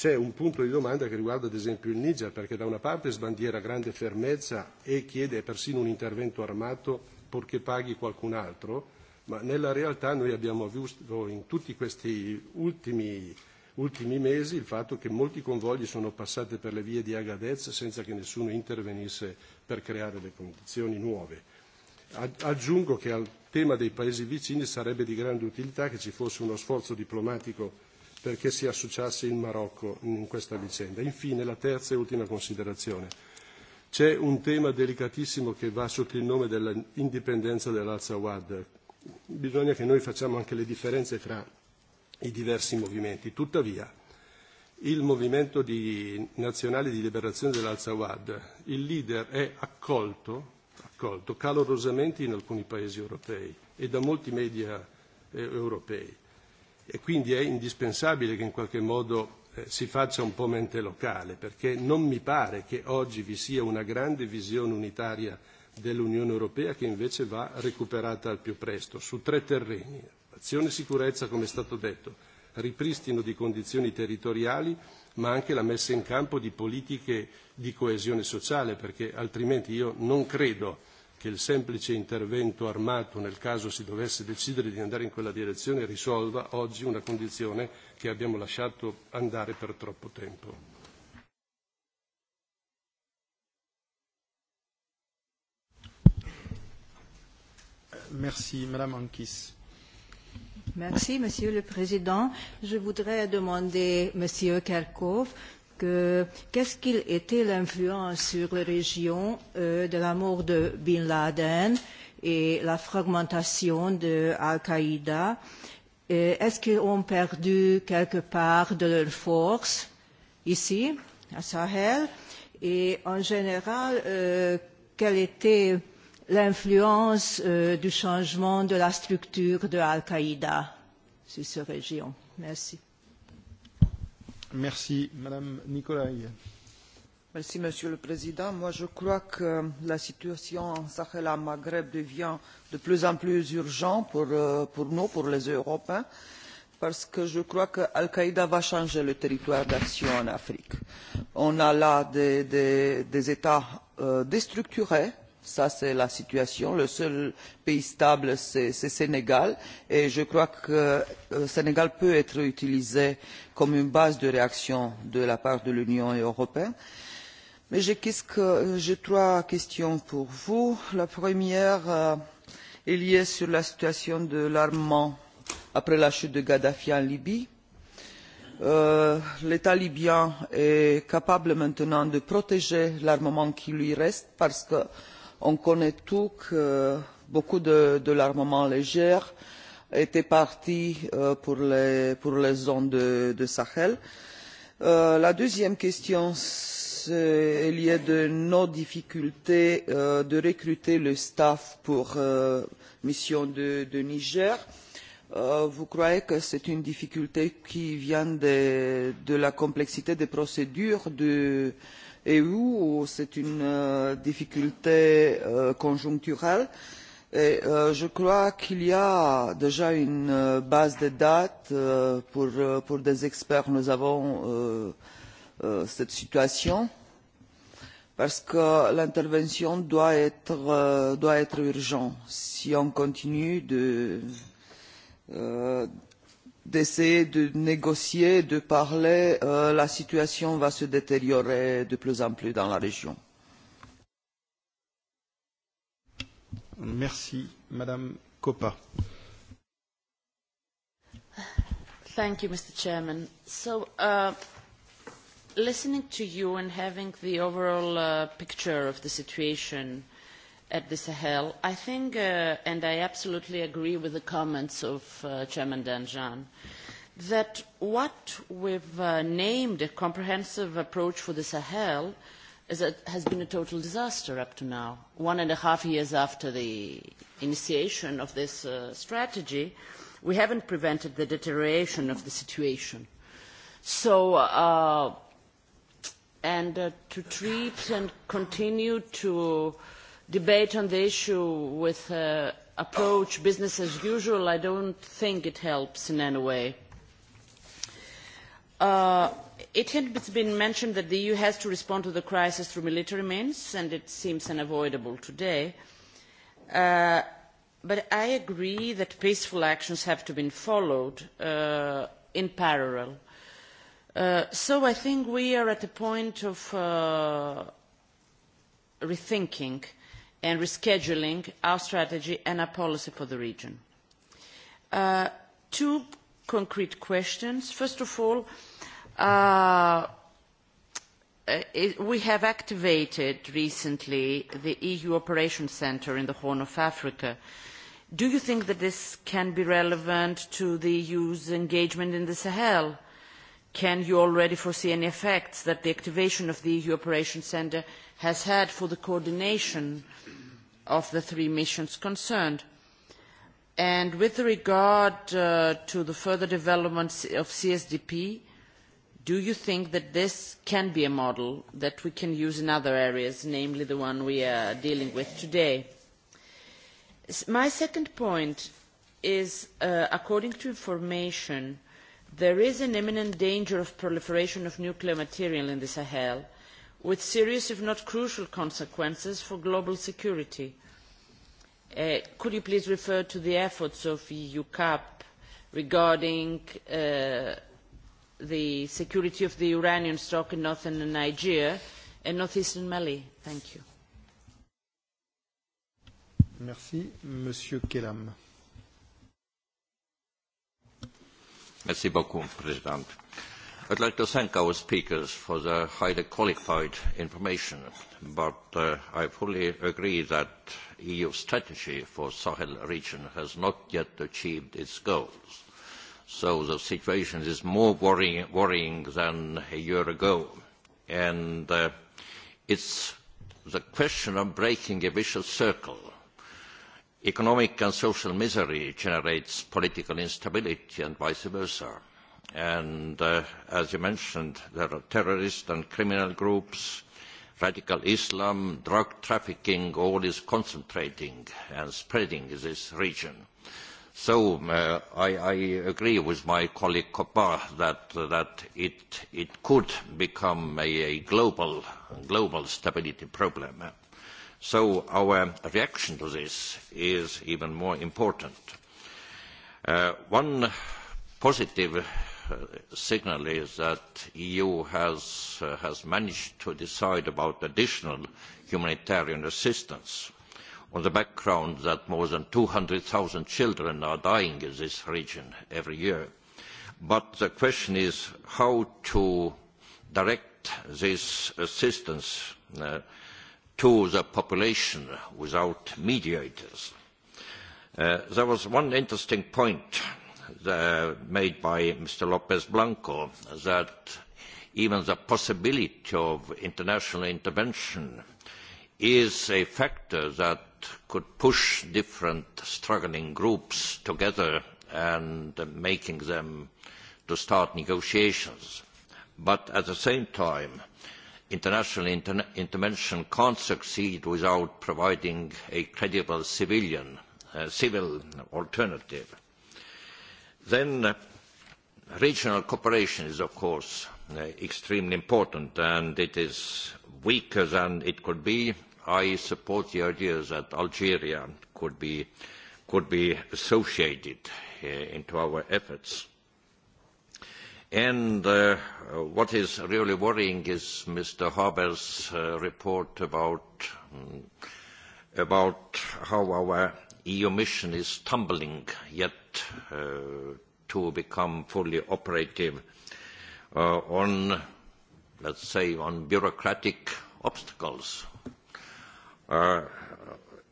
c'è un punto di domanda che riguarda ad esempio il Niger, perché da una parte sbandiera grande fermezza e chiede persino un intervento armato purché paghi qualcun altro, ma nella realtà noi abbiamo visto in tutti questi ultimi, ultimi mesi il fatto che molti convogli sono passati per le vie di Agadez senza che nessuno intervenisse per creare le condizioni nuove. Aggiungo che al tema dei paesi vicini sarebbe di grande utilità che ci fosse uno sforzo diplomatico perché si associasse il Marocco in questa vicenda. Infine, la terza e ultima considerazione. C'è un tema delicatissimo che va sotto il nome dell'indipendenza dell'Al-Sawad. Bisogna che noi facciamo anche le differenze fra i diversi movimenti. Tuttavia, il movimento di, nazionale di liberazione dell'Al-Sawad, il leader è accolto, accolto calorosamente in alcuni paesi europei e da molti media eh, europei e quindi è indispensabile che in qualche modo si faccia un po' mente locale, perché non mi pare che oggi vi sia una grande visione unitaria dell'Unione Europea che invece va recuperata al più presto su tre terreni azione e sicurezza, come è stato detto, ripristino di condizioni territoriali, ma anche la messa in campo di politiche di coesione sociale, perché altrimenti io non credo che il semplice intervento armato, nel caso si dovesse decidere di andare in quella direzione, risolva oggi una condizione che abbiamo lasciato andare per troppo tempo. Merci, Madame Ankis. Merci, Monsieur le Président. Je voudrais demander, Monsieur Kerkhove, que qu'est-ce qu'il était l'influence sur les régions euh, de la mort de Bin Laden et la fragmentation de Al-Qaïda Est-ce qu'ils ont perdu quelque part de leur force ici, à Sahel Et en général, euh, quelle était l'influence euh, du changement de la structure de Al-Qaïda sur ces régions Merci. Madame Monsieur le Président. je crois que la situation Sahel au Maghreb devient de plus en plus urgente pour, nous, pour les Européens, parce que je crois que Al-Qaïda va changer le territoire d'action en Afrique. On a là des, des États déstructurés, Ça, c'est la situation. Le seul pays stable, c'est le Sénégal. Et je crois que le Sénégal peut être utilisé comme une base de réaction de la part de l'Union européenne. Mais j'ai trois questions pour vous. La première est liée sur la situation de l'armement après la chute de Gaddafi en Libye l'état libyen est capable maintenant de protéger l'armement qui lui reste parce que on connaît tous que beaucoup de, l'armement léger était parti pour, les, zones du Sahel. la deuxième question est liée à nos difficultés de recruter le staff pour la mission du Niger. vous croyez que c'est une difficulté qui vient de, la complexité des procédures du EU, c'est une difficulté conjoncturelle. Et je crois qu'il y a déjà une base de dates pour, des experts. Nous avons cette situation parce que l'intervention doit être, urgente. Si on continue de d'essayer de négocier, de parler, la situation va se détériorer de plus en plus dans la région. Merci. Madame Coppa. Thank you, Mr. Chairman. So, uh, listening to you and having the overall uh, picture of the situation uh, at the Sahel, I think, and I absolutely agree with the comments of Chairman Danjan, that what we've named a comprehensive approach for the Sahel has been a total disaster up to now. One and a half years after the initiation of this strategy, we haven't prevented the deterioration of the situation. So, and to treat and continue to uh, debate on the issue with uh, approach business as usual, I don't think it helps in any way. it has been mentioned that the EU has to respond to the crisis through military means, and it seems unavoidable today. but I agree that peaceful actions have to be followed in parallel. so I think we are at a point of rethinking uh, and rescheduling our strategy and our policy for the region. two concrete questions. First of all, we have activated recently the EU Operations Centre in the Horn of Africa. Do you think that this can be relevant to the EU's engagement in the Sahel? can you already foresee any effects that the activation of the EU Operations Centre has had for the coordination of the three missions concerned? And with regard to the further development of CSDP, do you think that this can be a model that we can use in other areas, namely the one we are dealing with today? My second point is, according to information, There is an imminent danger of proliferation of nuclear material in the Sahel, with serious, if not crucial, consequences for global security. could you please refer to the efforts of EU CAP regarding the security of the uranium stock in northern Nigeria and northeastern Mali? Thank you. Merci. Monsieur Merci beaucoup, President. I'd like to thank our speakers for the highly qualified information, but I fully agree that the EU strategy for Sahel region has not yet achieved its goals. So the situation is more worrying, than a year ago. And it is the question of breaking a vicious circle Economic and social misery generates political instability and vice versa. And as you mentioned, there are terrorist and criminal groups, radical Islam, drug trafficking, all is concentrating and spreading in this region. So I, I agree with my colleague Coppa that, that it, it could become a, a global, global stability problem So our reaction to this is even more important. one positive signal is that the EU has, managed to decide about additional humanitarian assistance on the background that more than two 200,000 children are dying in this region every year. But the question is how to direct this assistance to the population without mediators. there was one interesting point made by Mr. Lopez Blanco that even the possibility of international intervention is a factor that could push different struggling groups together and making them to start negotiations. But at the same time, international intervention can't succeed without providing a credible civilian, civil alternative. Then regional cooperation is, of course, extremely important, and it is weaker than it could be. I support the idea that Algeria could be, could be associated into our efforts And what is really worrying is Mr. Haber's report about how our EU mission is tumbling yet to become fully operative on, let's say, on bureaucratic obstacles,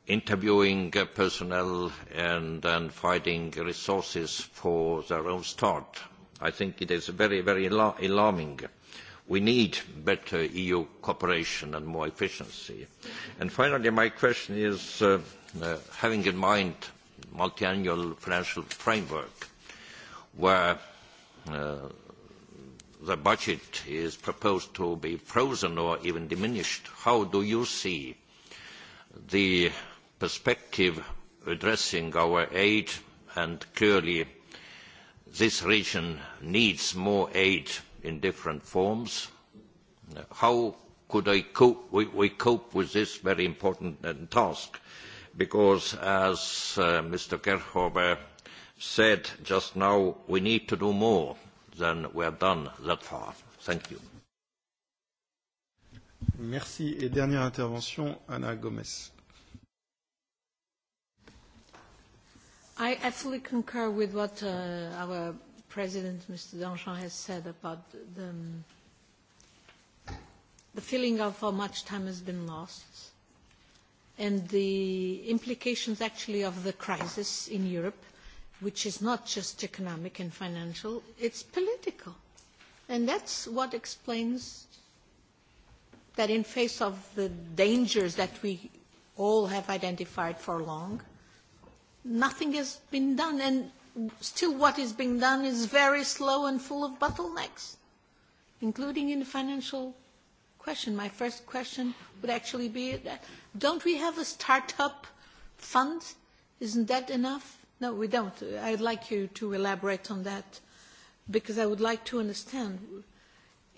interviewing personnel and finding resources for their own start I think it is very, very alarming. We need better EU cooperation and more efficiency. And finally, my question is, having in mind multiannual financial framework, where the budget is proposed to be frozen or even diminished, how do you see the perspective addressing our aid and clearly this region needs more aid in different forms. How could I cope, we, we cope with this very important task? Because as Mr. Kerchhover said just now, we need to do more than we have done that far. Thank you. Merci. Et dernière intervention, Anna Gomez. I absolutely concur with what uh, our President, Mr. Danchon, has said about the, the feeling of how much time has been lost and the implications actually of the crisis in Europe, which is not just economic and financial, it's political. And that's what explains that in face of the dangers that we all have identified for long, nothing has been done, and still what is being done is very slow and full of bottlenecks, including in the financial question. My first question would actually be that don't we have a start-up fund? Isn't that enough? No, we don't. I'd like you to elaborate on that because I would like to understand.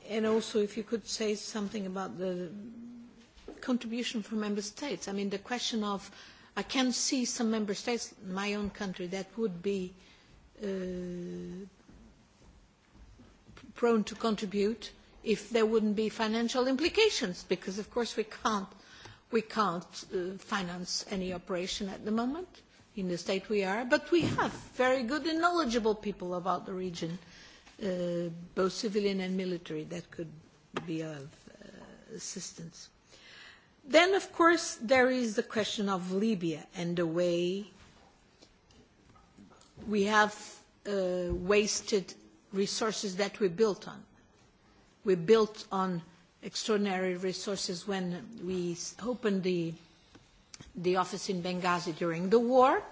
And also, if you could say something about the contribution from member states. I mean, the question of I can see some member states, my own country, that would be prone to contribute if there wouldn't be financial implications, because of course we can't, we can't finance any operation at the moment in the state we are, but we have very good and knowledgeable people about the region, both civilian and military, that could be of assistance. Then, of course, there is the question of Libya and the way we have uh, wasted resources that we built on. We built on extraordinary resources when we opened the, the office in Benghazi during the war,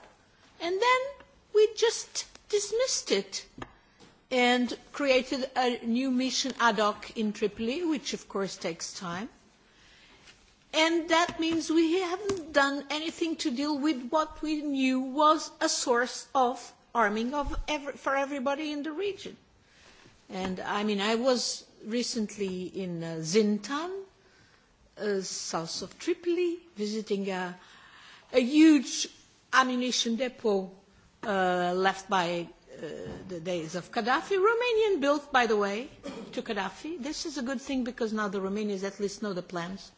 and then we just dismissed it and created a new mission ad hoc in Tripoli, which of course takes time And that means we haven't done anything to deal with what we knew was a source of arming of every, for everybody in the region. And I mean, I was recently in uh, Zintan, uh, south of Tripoli, visiting a, a huge ammunition depot uh, left by uh, the days of Gaddafi, Romanian built, by the way, to Gaddafi. This is a good thing because now the Romanians at least know the plans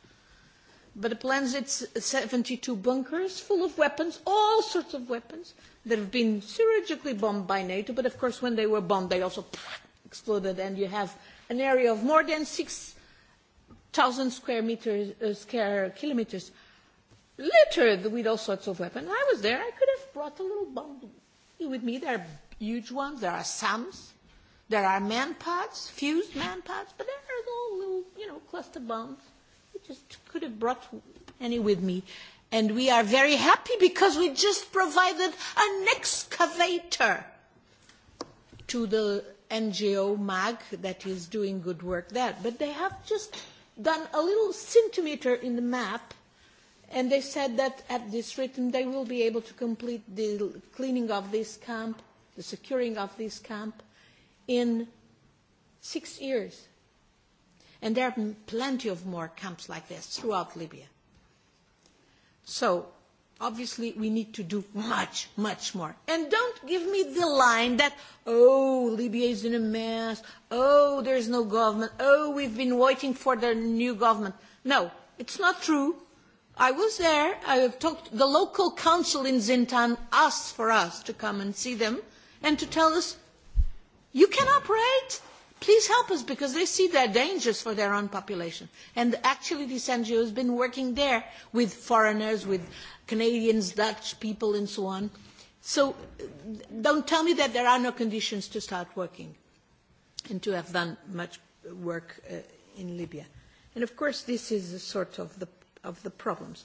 but the plans it's 72 bunkers full of weapons, all sorts of weapons that have been surgically bombed by NATO. But of course, when they were bombed, they also exploded, and you have an area of more than 6,000 square meters, uh, square kilometers, littered with all sorts of weapons. I was there. I could have brought a little bomb with me. There are huge ones. There are SAMs. There are man pods, fused man pods, but there are all little, you know, cluster bombs just could have brought any with me. And we are very happy because we just provided an excavator to the NGO MAG that is doing good work there. But they have just done a little centimeter in the map and they said that at this rhythm they will be able to complete the cleaning of this camp, the securing of this camp in six years. And there are plenty of more camps like this throughout Libya. So obviously we need to do much, much more. And don't give me the line that, oh, Libya is in a mess, oh, there's no government, oh, we've been waiting for the new government. No, it's not true. I was there, I have talked, the local council in Zintan asked for us to come and see them and to tell us, you can operate, please help us because they see their dangers for their own population. And actually, this NGO has been working there with foreigners, with Canadians, Dutch people, and so on. So don't tell me that there are no conditions to start working and to have done much work uh, in Libya. And of course, this is a sort of the, of the problems.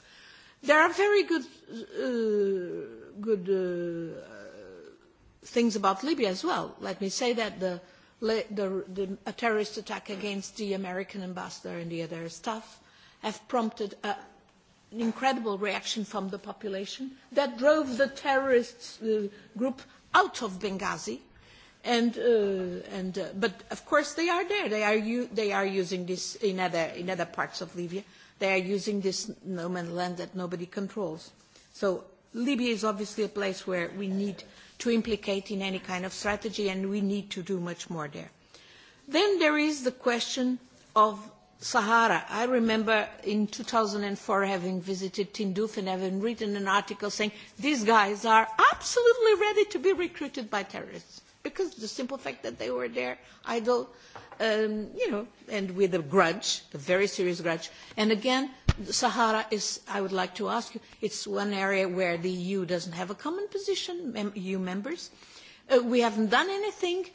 There are very good, uh, good uh, things about Libya as well. Let me say that the the, a terrorist attack against the American ambassador and the other staff have prompted a, an incredible reaction from the population that drove the terrorist group out of Benghazi. And, and, but of course they are there. They are, u- they are using this in other, in other parts of Libya. They are using this no man's land that nobody controls. So Libya is obviously a place where we need to implicate in any kind of strategy, and we need to do much more there. Then there is the question of Sahara. I remember in two thousand four having visited Tindouf and having written an article saying these guys are absolutely ready to be recruited by terrorists because the simple fact that they were there idle, you know, and with a grudge, a very serious grudge. And again, Sahara is, I would like to ask you, it's one area where the EU doesn't have a common position, mem EU members. Uh, we haven't done anything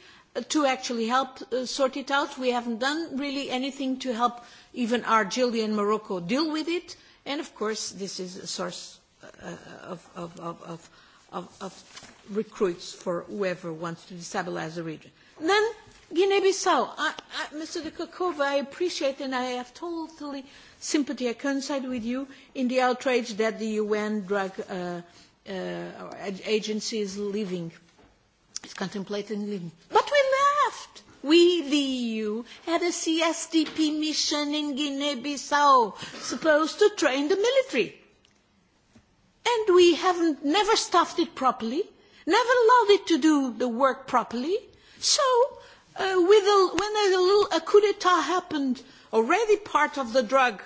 to actually help uh, sort it out. We haven't done really anything to help even Algeria and Morocco deal with it. And of course, this is a source uh, of, of, of, of, of, of recruits for whoever wants to destabilize the region. And then Guinea-Bissau, I, I, Mr. de Kokova, I appreciate and I have totally sympathy. I coincide with you in the outrage that the UN drug uh, uh, agency is leaving, is contemplating leaving. But we left. We, the EU, had a CSDP mission in Guinea-Bissau supposed to train the military. And we haven't never staffed it properly, never allowed it to do the work properly. So uh, with a, when a, little, a coup d'etat happened, already part of the drug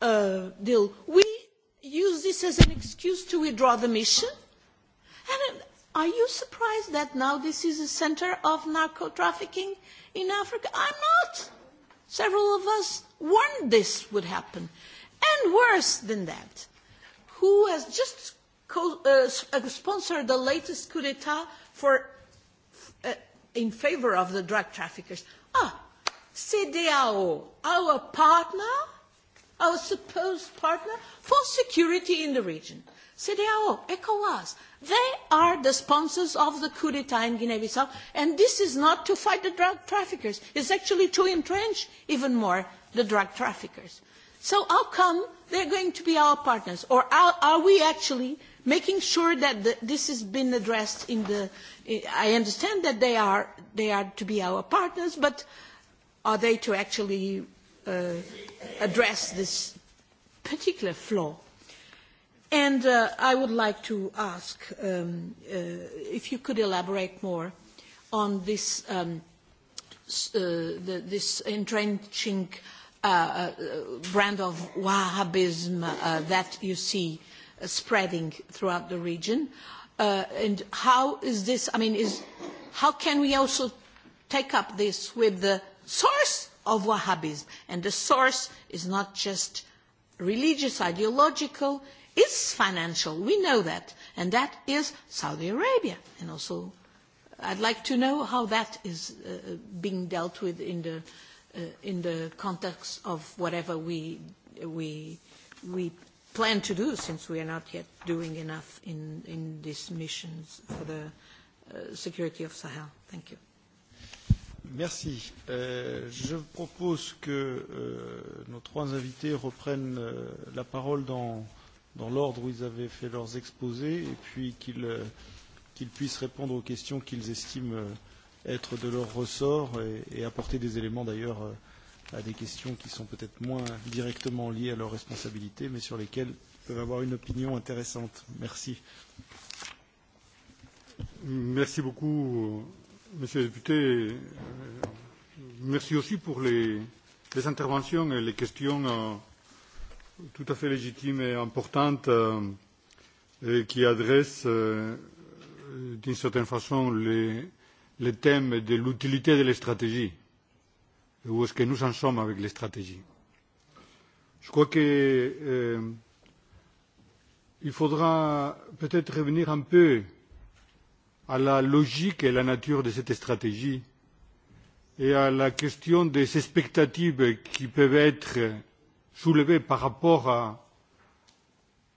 uh, deal, we use this as an excuse to withdraw the mission. And are you surprised that now this is a center of narco trafficking in Africa? I'm not. Several of us warned this would happen. And worse than that, who has just co- uh, sponsored the latest coup d'etat for in favor of the drug traffickers. Ah, CDAO, our partner, our supposed partner for security in the region. CDAO, ECOWAS, they are the sponsors of the coup d'etat in Guinea-Bissau, and this is not to fight the drug traffickers. It's actually to entrench even more the drug traffickers. So how come they're going to be our partners? Or are, are we actually making sure that the, this has been addressed in the... I understand that they are, they are to be our partners, but are they to actually uh, address this particular flaw? And uh, I would like to ask um, uh, if you could elaborate more on this, um, uh, the, this entrenching uh, uh, brand of Wahhabism uh, that you see uh, spreading throughout the region? and how is this, I mean, is, how can we also take up this with the source of Wahhabism? And the source is not just religious, ideological, it's financial. We know that. And that is Saudi Arabia. And also, I'd like to know how that is uh, being dealt with in the, uh, in the context of whatever we, we, we plan to do since we are not yet doing enough in, in these missions for the uh, security of Sahel. Thank you. Merci. Euh, je propose que euh, nos trois invités reprennent euh, la parole dans, dans l'ordre où ils avaient fait leurs exposés et puis qu'ils euh, qu'ils puissent répondre aux questions qu'ils estiment euh, être de leur ressort et, et apporter des éléments d'ailleurs euh, à des questions qui sont peut-être moins directement liées à leurs responsabilités, mais sur lesquelles ils peuvent avoir une opinion intéressante. Merci. Merci beaucoup, Monsieur le député. Merci aussi pour les, les interventions et les questions euh, tout à fait légitimes et importantes euh, et qui adressent euh, d'une certaine façon les, les thèmes de l'utilité de la stratégie où est-ce que nous en sommes avec les stratégies. Je crois que il faudra peut-être revenir un peu à la logique et à la nature de cette stratégie et à la question des expectatives qui peuvent être soulevées par rapport à,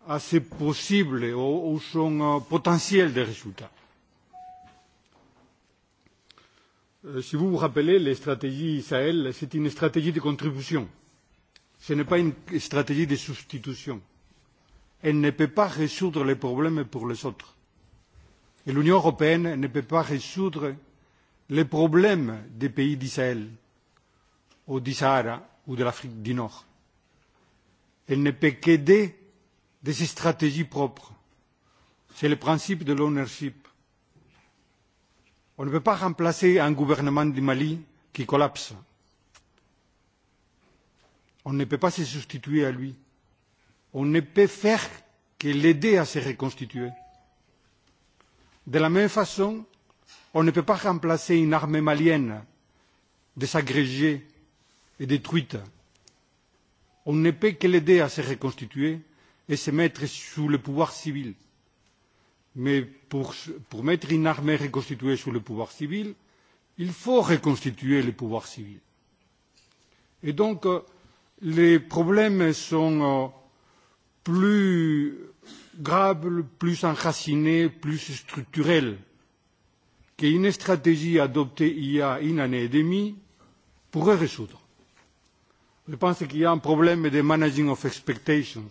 à ces possibles ou son potentiel de résultats. si vous vous rappelez, la stratégie Sahel, c'est une stratégie de contribution. Ce n'est pas une stratégie de substitution. Elle ne peut pas résoudre les problèmes pour les autres. Et l'Union européenne ne peut pas résoudre les problèmes des pays du Sahel, ou du Sahara, ou de l'Afrique du Nord. Elle ne peut qu'aider des stratégies propres. C'est le principe de l'ownership On ne peut pas remplacer un gouvernement du Mali qui collapse. On ne peut pas se substituer à lui. On ne peut faire que l'aider à se reconstituer. De la même façon, on ne peut pas remplacer une armée malienne désagrégée et détruite. On ne peut que l'aider à se reconstituer et se mettre sous le pouvoir civil. Mais pour, pour mettre une armée reconstituée sous le pouvoir civil, il faut reconstituer le pouvoir civil. Et donc, les problèmes sont plus graves, plus enracinés, plus structurels qu'une stratégie adoptée il y a une année et demie pourrait résoudre. Je pense qu'il y a un problème de managing of expectations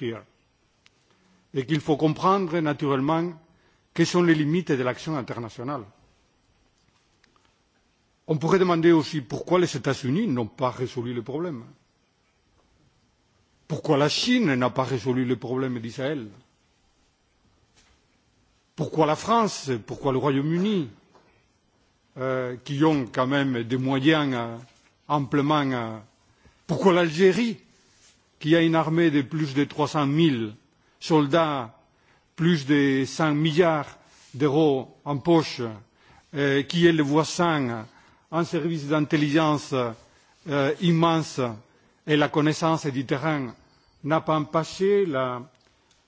here et qu'il faut comprendre naturellement quelles sont les limites de l'action internationale. On pourrait demander aussi pourquoi les États-Unis n'ont pas résolu le problème. Pourquoi la Chine n'a pas résolu le problème d'Israël Pourquoi la France Pourquoi le Royaume-Uni qui ont quand même des moyens amplement. pourquoi l'Algérie, qui a une armée de plus de trois cents 000 soldats, plus de cent milliards d'euros en poche, qui est le voisin, un service d'intelligence immense et la connaissance du terrain n'a pas empêché la,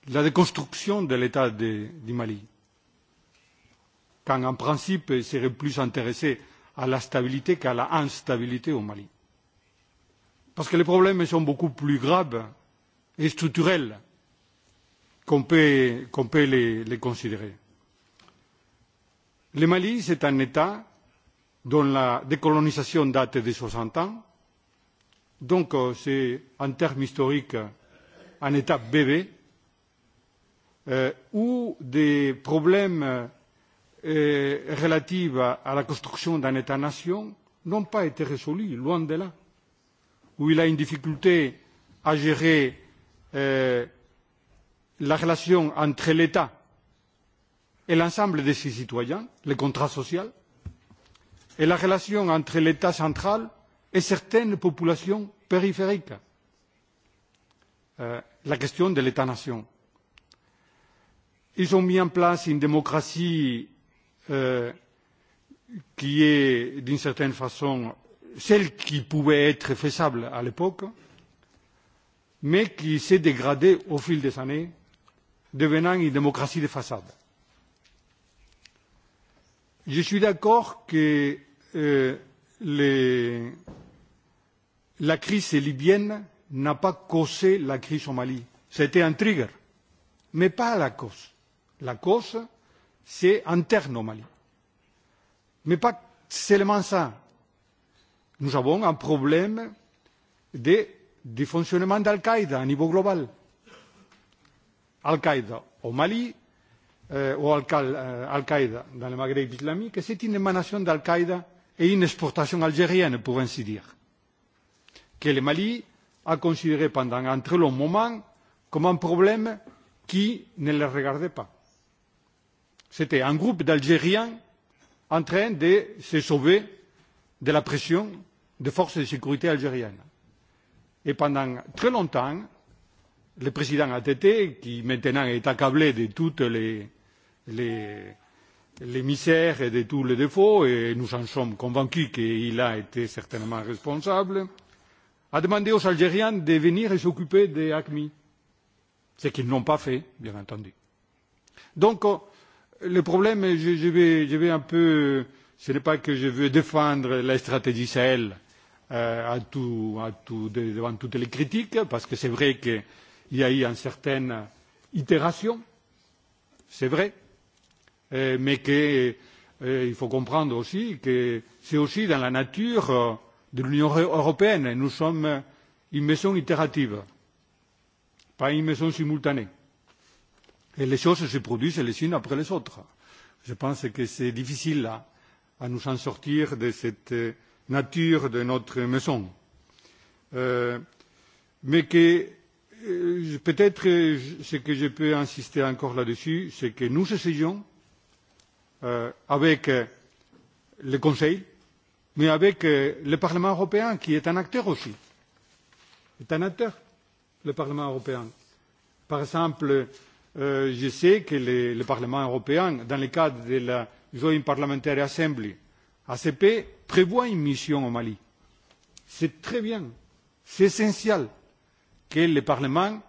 déconstruction de l'État du Mali. Quand en principe, il serait plus intéressé à la stabilité qu'à la instabilité au Mali. Parce que les problèmes sont beaucoup plus graves et structurels qu'on peut, les, les considérer. Le Mali, c'est un État dont la décolonisation date de 60 ans, donc c'est en termes historiques un État bébé, où des problèmes relatifs à la construction d'un État-nation n'ont pas été résolus, loin de là, où il a une difficulté à gérer la relation entre l'État et l'ensemble de ses citoyens, le contrat social, et la relation entre l'État central et certaines populations périphériques, la question de l'État-nation. Ils ont mis en place une démocratie qui est, d'une certaine façon, celle qui pouvait être faisable à l'époque, mais qui s'est dégradée au fil des années devenant une démocratie de façade. Je suis d'accord que la crise libyenne n'a pas causé la crise au Mali. C'était un trigger, mais pas la cause. La cause, c'est interne au Mali. Mais pas seulement ça. Nous avons un problème de, de fonctionnement d'Al-Qaïda à niveau global Al-Qaïda au Mali ou Al-Qaïda dans le Maghreb islamique, c'est une émanation d'Al-Qaïda et une exportation algérienne, pour ainsi dire, que le Mali a considéré pendant un très long moment comme un problème qui ne le regardait pas. C'était un groupe d'Algériens en train de se sauver de la pression des forces de sécurité algériennes. Et pendant très longtemps, le président ATT, qui maintenant est accablé de toutes les, misères et de tous les défauts, et nous en sommes convaincus qu'il a été certainement responsable, a demandé aux Algériens de venir et s'occuper des ACMI, ce qu'ils n'ont pas fait, bien entendu. Donc, le problème, je, je, vais, je vais un peu. Ce n'est pas que je veux défendre la stratégie Sahel euh, à tout, à tout, devant toutes les critiques, parce que c'est vrai que il y a eu une certaine itération, c'est vrai, mais qu'il faut comprendre aussi que c'est aussi dans la nature de l'Union européenne. Nous sommes une maison itérative, pas une maison simultanée. Et les choses se produisent les unes après les autres. Je pense que c'est difficile à, nous en sortir de cette nature de notre maison. mais que Peut-être ce que je peux insister encore là-dessus, c'est que nous essayons, avec le Conseil, mais avec le Parlement européen, qui est un acteur aussi, est un acteur, le Parlement européen. Par exemple, je sais que le, Parlement européen, dans le cadre de la Joint Parliamentary Assembly, ACP, prévoit une mission au Mali. C'est très bien, c'est essentiel que le Parlement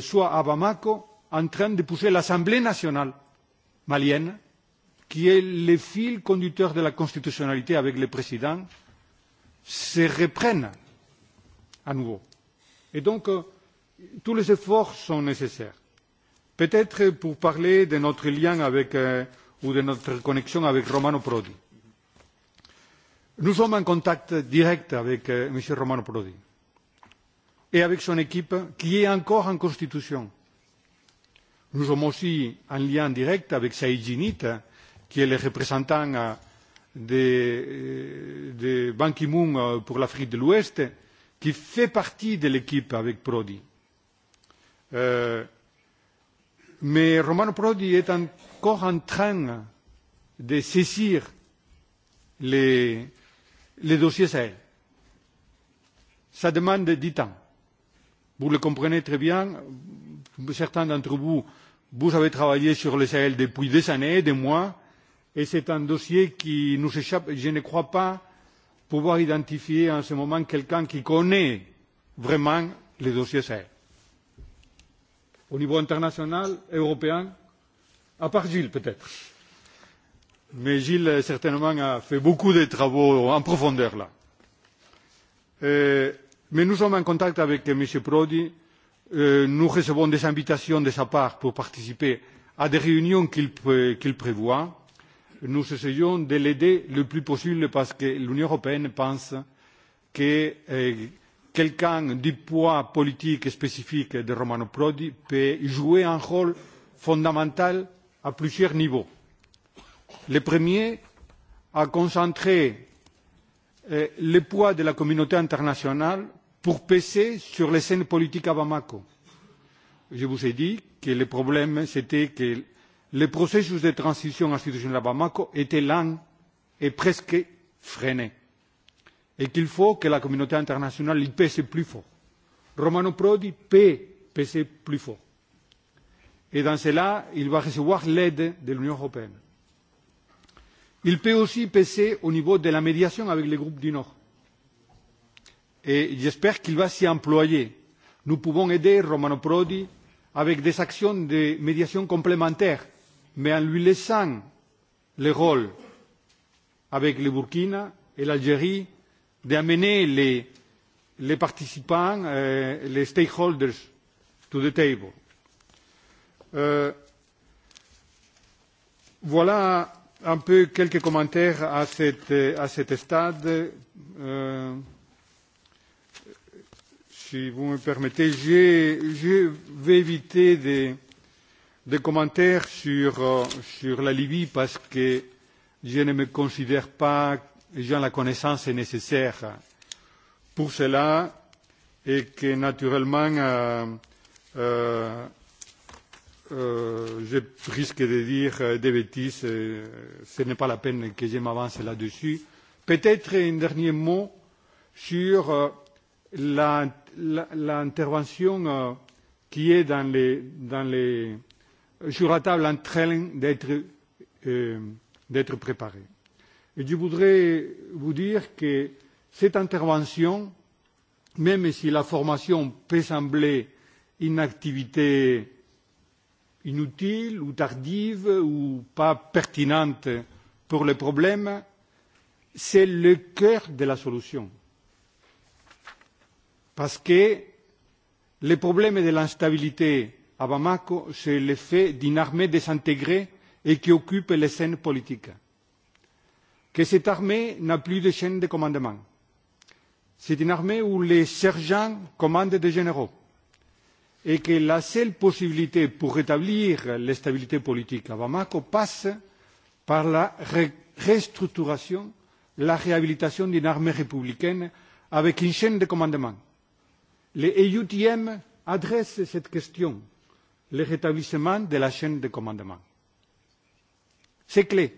soit à Bamako en train de pousser l'Assemblée nationale malienne, qui est le fil conducteur de la constitutionnalité avec le président, se reprenne à nouveau. Et donc, tous les efforts sont nécessaires. Peut-être pour parler de notre lien avec, ou de notre connexion avec Romano Prodi. Nous sommes en contact direct avec M. Romano Prodi et avec son équipe qui est encore en constitution. Nous sommes aussi en lien direct avec Saïd Zinit, qui est le représentant de, Ban Ki-moon pour l'Afrique de l'Ouest, qui fait partie de l'équipe avec Prodi. mais Romano Prodi est encore en train de saisir les, dossiers Sahel. Ça demande du temps Vous le comprenez très bien, certains d'entre vous, vous avez travaillé sur le Sahel depuis des années, des mois, et c'est un dossier qui nous échappe. Je ne crois pas pouvoir identifier en ce moment quelqu'un qui connaît vraiment le dossier Sahel. Au niveau international, européen, à part Gilles peut-être. Mais Gilles certainement a fait beaucoup de travaux en profondeur là. Mais nous sommes en contact avec M. Prodi. nous recevons des invitations de sa part pour participer à des réunions qu'il prévoit. Nous essayons de l'aider le plus possible parce que l'Union européenne pense que quelqu'un du poids politique spécifique de Romano Prodi peut jouer un rôle fondamental à plusieurs niveaux. Le premier, à concentrer le poids de la communauté internationale pour peser sur les scènes politiques à Bamako. Je vous ai dit que le problème, c'était que le processus de transition institutionnelle à Bamako était lent et presque freiné, et qu'il faut que la communauté internationale y pèse plus fort. Romano Prodi peut peser plus fort. Et dans cela, il va recevoir l'aide de l'Union européenne. Il peut aussi peser au niveau de la médiation avec les groupes du Nord et j'espère qu'il va s'y employer. Nous pouvons aider Romano Prodi avec des actions de médiation complémentaires, mais en lui laissant le rôle avec le Burkina et l'Algérie d'amener les, les participants, euh, les stakeholders to the table. Euh, voilà un peu quelques commentaires à, cette, à cet stade. Euh, si vous me permettez. Je vais éviter des, des commentaires sur, sur la Libye parce que je ne me considère pas ayant la connaissance nécessaire pour cela et que naturellement euh, euh, je risque de dire des bêtises, ce n'est pas la peine que je m'avance là-dessus. Peut-être un dernier mot sur l'intervention qui est dans les, dans les, sur la table en train d'être euh, préparée. Et je voudrais vous dire que cette intervention, même si la formation peut sembler une activité inutile ou tardive ou pas pertinente pour le problème, c'est le cœur de la solution Parce que le problème de l'instabilité à Bamako, c'est le fait d'une armée désintégrée et qui occupe les scènes politiques. Que cette armée n'a plus de chaîne de commandement. C'est une armée où les sergents commandent des généraux et que la seule possibilité pour rétablir la stabilité politique à Bamako passe par la restructuration, la réhabilitation d'une armée républicaine avec une chaîne de commandement Les EUTM adressent cette question, le rétablissement de la chaîne de commandement. C'est clé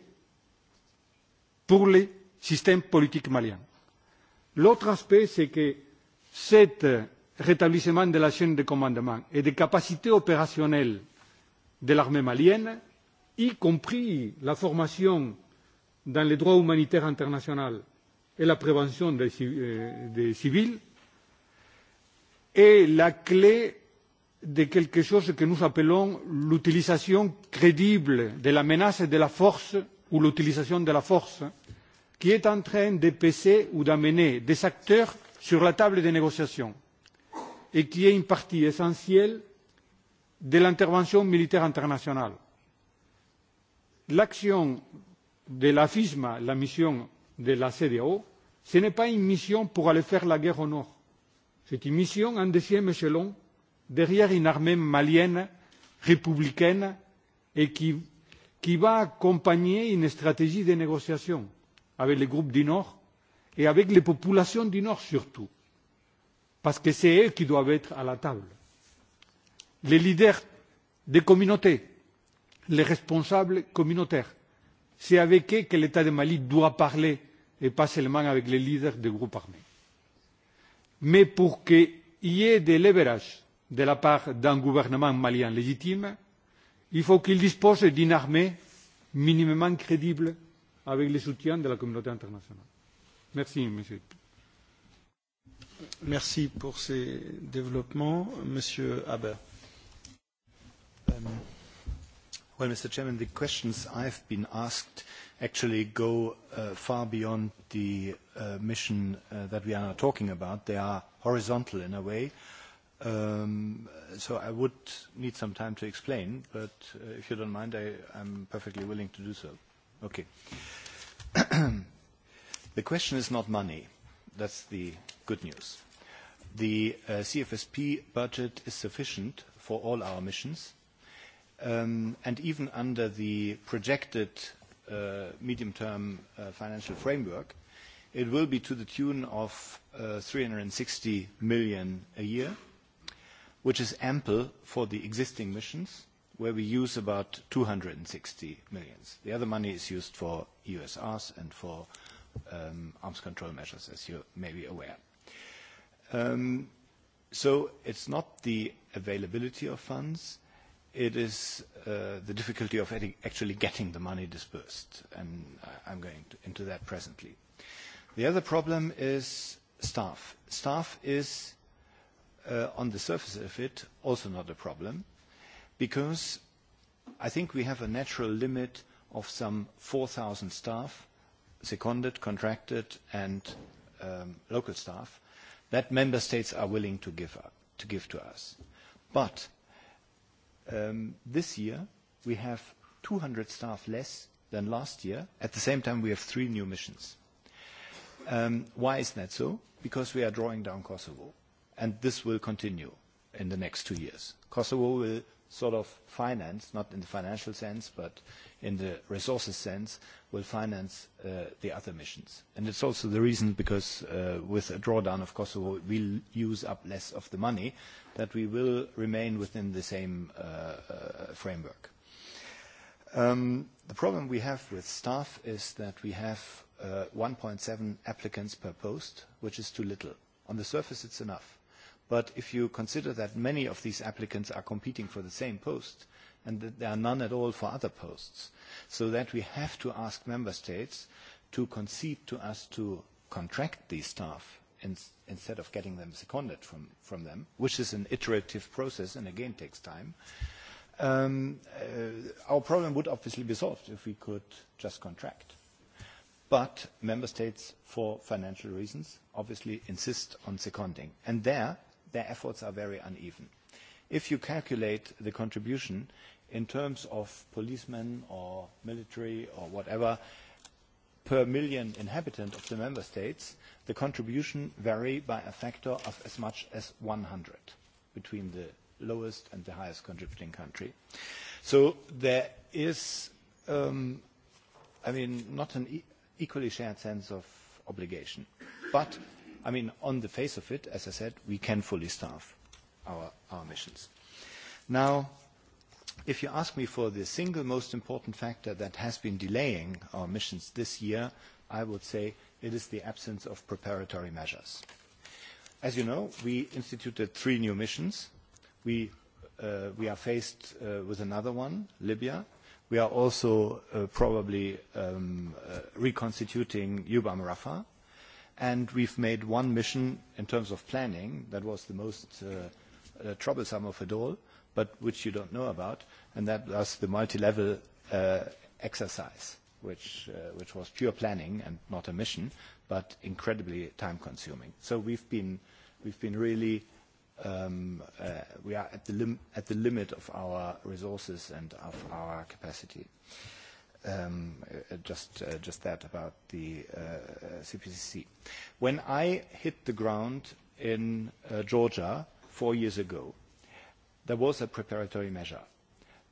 pour le système politique malien. L'autre aspect, c'est que ce rétablissement de la chaîne de commandement et des capacités opérationnelles de l'armée malienne, y compris la formation dans le droit humanitaire international et la prévention des civils, est la clé de quelque chose que nous appelons l'utilisation crédible de la menace et de la force ou l'utilisation de la force qui est en train de peser ou d'amener des acteurs sur la table des négociations et qui est une partie essentielle de l'intervention militaire internationale. L'action de la FISMA, la mission de la CEDEAO, ce n'est pas une mission pour aller faire la guerre au Nord C'est une mission en deuxième échelon, derrière une armée malienne, républicaine, et qui, qui va accompagner une stratégie de négociation avec les groupes du Nord et avec les populations du Nord surtout, parce que c'est eux qui doivent être à la table. Les leaders des communautés, les responsables communautaires, c'est avec eux que l'État de Mali doit parler et pas seulement avec les leaders des groupes armés mais pour qu'il y ait des leverages de la part d'un gouvernement malien légitime, il faut qu'il dispose d'une armée minimement crédible avec le soutien de la communauté internationale. Merci, monsieur. Merci pour ces développements. Monsieur Haber. well, Mr. Chairman, the questions I've been asked actually go uh, far beyond the mission that we are now talking about. They are horizontal in a way. So I would need some time to explain, but if you don't mind, I I'm perfectly willing to do so. Okay. The question is not money. That's the good news. The CFSP budget is sufficient for all our missions, and even under the projected medium-term financial framework, It will be to the tune of EUR three hundred and sixty million a year, which is ample for the existing missions, where we use about two hundred and sixty million. The other money is used for USRs and for arms control measures, as you may be aware. So It's not the availability of funds, it is the difficulty of actually getting the money dispersed, and I'm going into that presently. The other problem is staff. Staff is, on the surface of it, also not a problem because I think we have a natural limit of some 4,000 staff, seconded, contracted, and local staff that member states are willing to give up, to give to us. But this year, we have 200 staff less than last year. At the same time, we have three new missions. Why is that so? Because we are drawing down Kosovo, and this will continue in the next two years. Kosovo will sort of finance, not in the financial sense, but in the resources sense, will finance the other missions. And It's also the reason because with a drawdown of Kosovo, we'll use up less of the money, that we will remain within the same framework. The problem we have with staff is that we have 1.7 applicants per post, which is too little. On the surface, it's enough. But if you consider that many of these applicants are competing for the same post, and that there are none at all for other posts, so that we have to ask member states to concede to us to contract these staff instead of getting them seconded from, from them, which is an iterative process and again takes time, um, uh, our problem would obviously be solved if we could just contract but member states, for financial reasons, obviously insist on seconding. And there, their efforts are very uneven. If you calculate the contribution in terms of policemen or military or whatever per million inhabitants of the member states, the contribution vary by a factor of as much as one hundred between the lowest and the highest contributing country. So there is, um, I mean, not an equally shared sense of obligation. But, I mean, on the face of it, as I said, we can fully staff our, our missions. Now, if you ask me for the single most important factor that has been delaying our missions this year, I would say it is the absence of preparatory measures. As you know, we instituted three new missions. We, uh, we are faced uh, with another one, Libya, We are also probably reconstituting Yubam Rafa, and we've made one mission in terms of planning that was the most troublesome of it all, but which you don't know about, and that was the multi-level exercise, which was pure planning and not a mission, but incredibly time-consuming. So we've been really um, we are at the, lim at the limit of our resources and of our capacity. Um, uh, just, uh, just that about the uh, CPCC. When I hit the ground in uh, Georgia four years ago, there was a preparatory measure.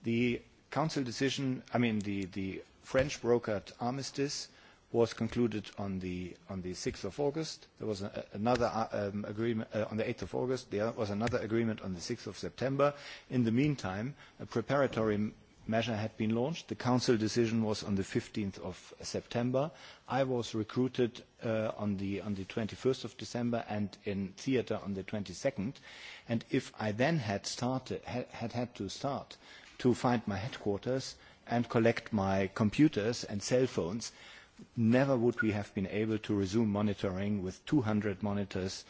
The council decision, I mean, the, the French brokered armistice was concluded on the on the 6th of August. There was a, another um, agreement uh, on the 8th of August. There was another agreement on the 6th of September. In the meantime, a preparatory measure had been launched. The council decision was on the 15th of September. I was recruited uh, on the on the 21st of December and in theatre on the 22nd. And if I then had started had had, had to start to find my headquarters and collect my computers and cell phones, never would we have been able to resume monitoring with 200 monitors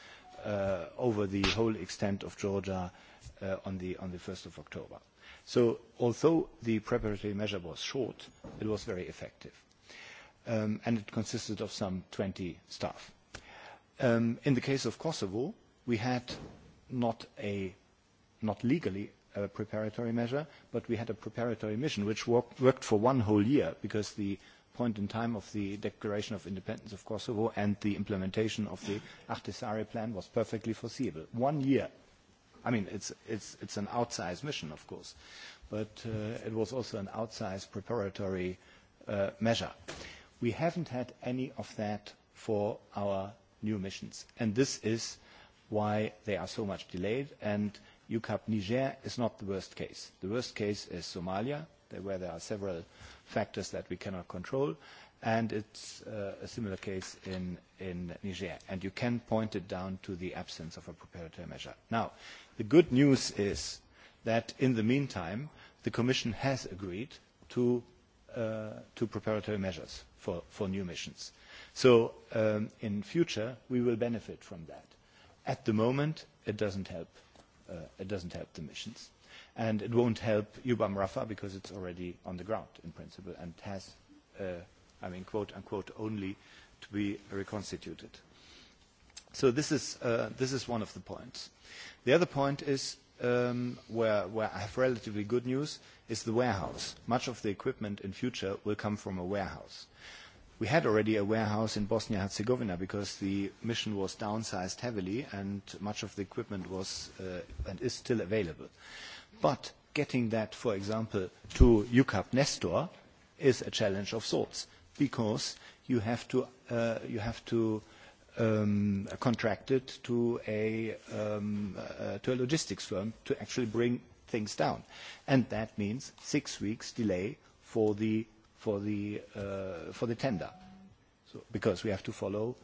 uh, over the whole extent of Georgia uh, on, the, on the 1st of October. So although the preparatory measure was short, it was very effective. Um, and it consisted of some 20 staff. Um, in the case of Kosovo, we had not a, not legally a preparatory measure, but we had a preparatory mission which worked, worked for one whole year because the point in time of the Declaration of Independence of Kosovo and the implementation of the Ahtisaari Plan was perfectly foreseeable. One year. I mean, it's, it's, it's an outsized mission, of course, but uh, it was also an outsized preparatory uh, measure. We haven't had any of that for our new missions, and this is why they are so much delayed, and UCAP Niger is not the worst case. The worst case is Somalia, where there are several factors that we cannot control. And it's uh, a similar case in, in Niger. And you can point it down to the absence of a preparatory measure. Now, the good news is that in the meantime, the Commission has agreed to, uh, to preparatory measures for, for new missions. So um, in future, we will benefit from that. At the moment, it doesn't help. Uh, it doesn't help the missions and it won't help Yubam Rafa because it's already on the ground in principle and has, uh, I mean, quote unquote, only to be reconstituted. So this is, uh, this is one of the points. The other point is um, where, where I have relatively good news is the warehouse. Much of the equipment in future will come from a warehouse. We had already a warehouse in Bosnia-Herzegovina because the mission was downsized heavily and much of the equipment was uh, and is still available. But getting that, for example, to UCAP Nestor is a challenge of sorts because you have to, uh, you have to um, contract it to a, um, uh, to a logistics firm to actually bring things down. And that means six weeks delay for the, for the, uh, for the tender so, because we have to follow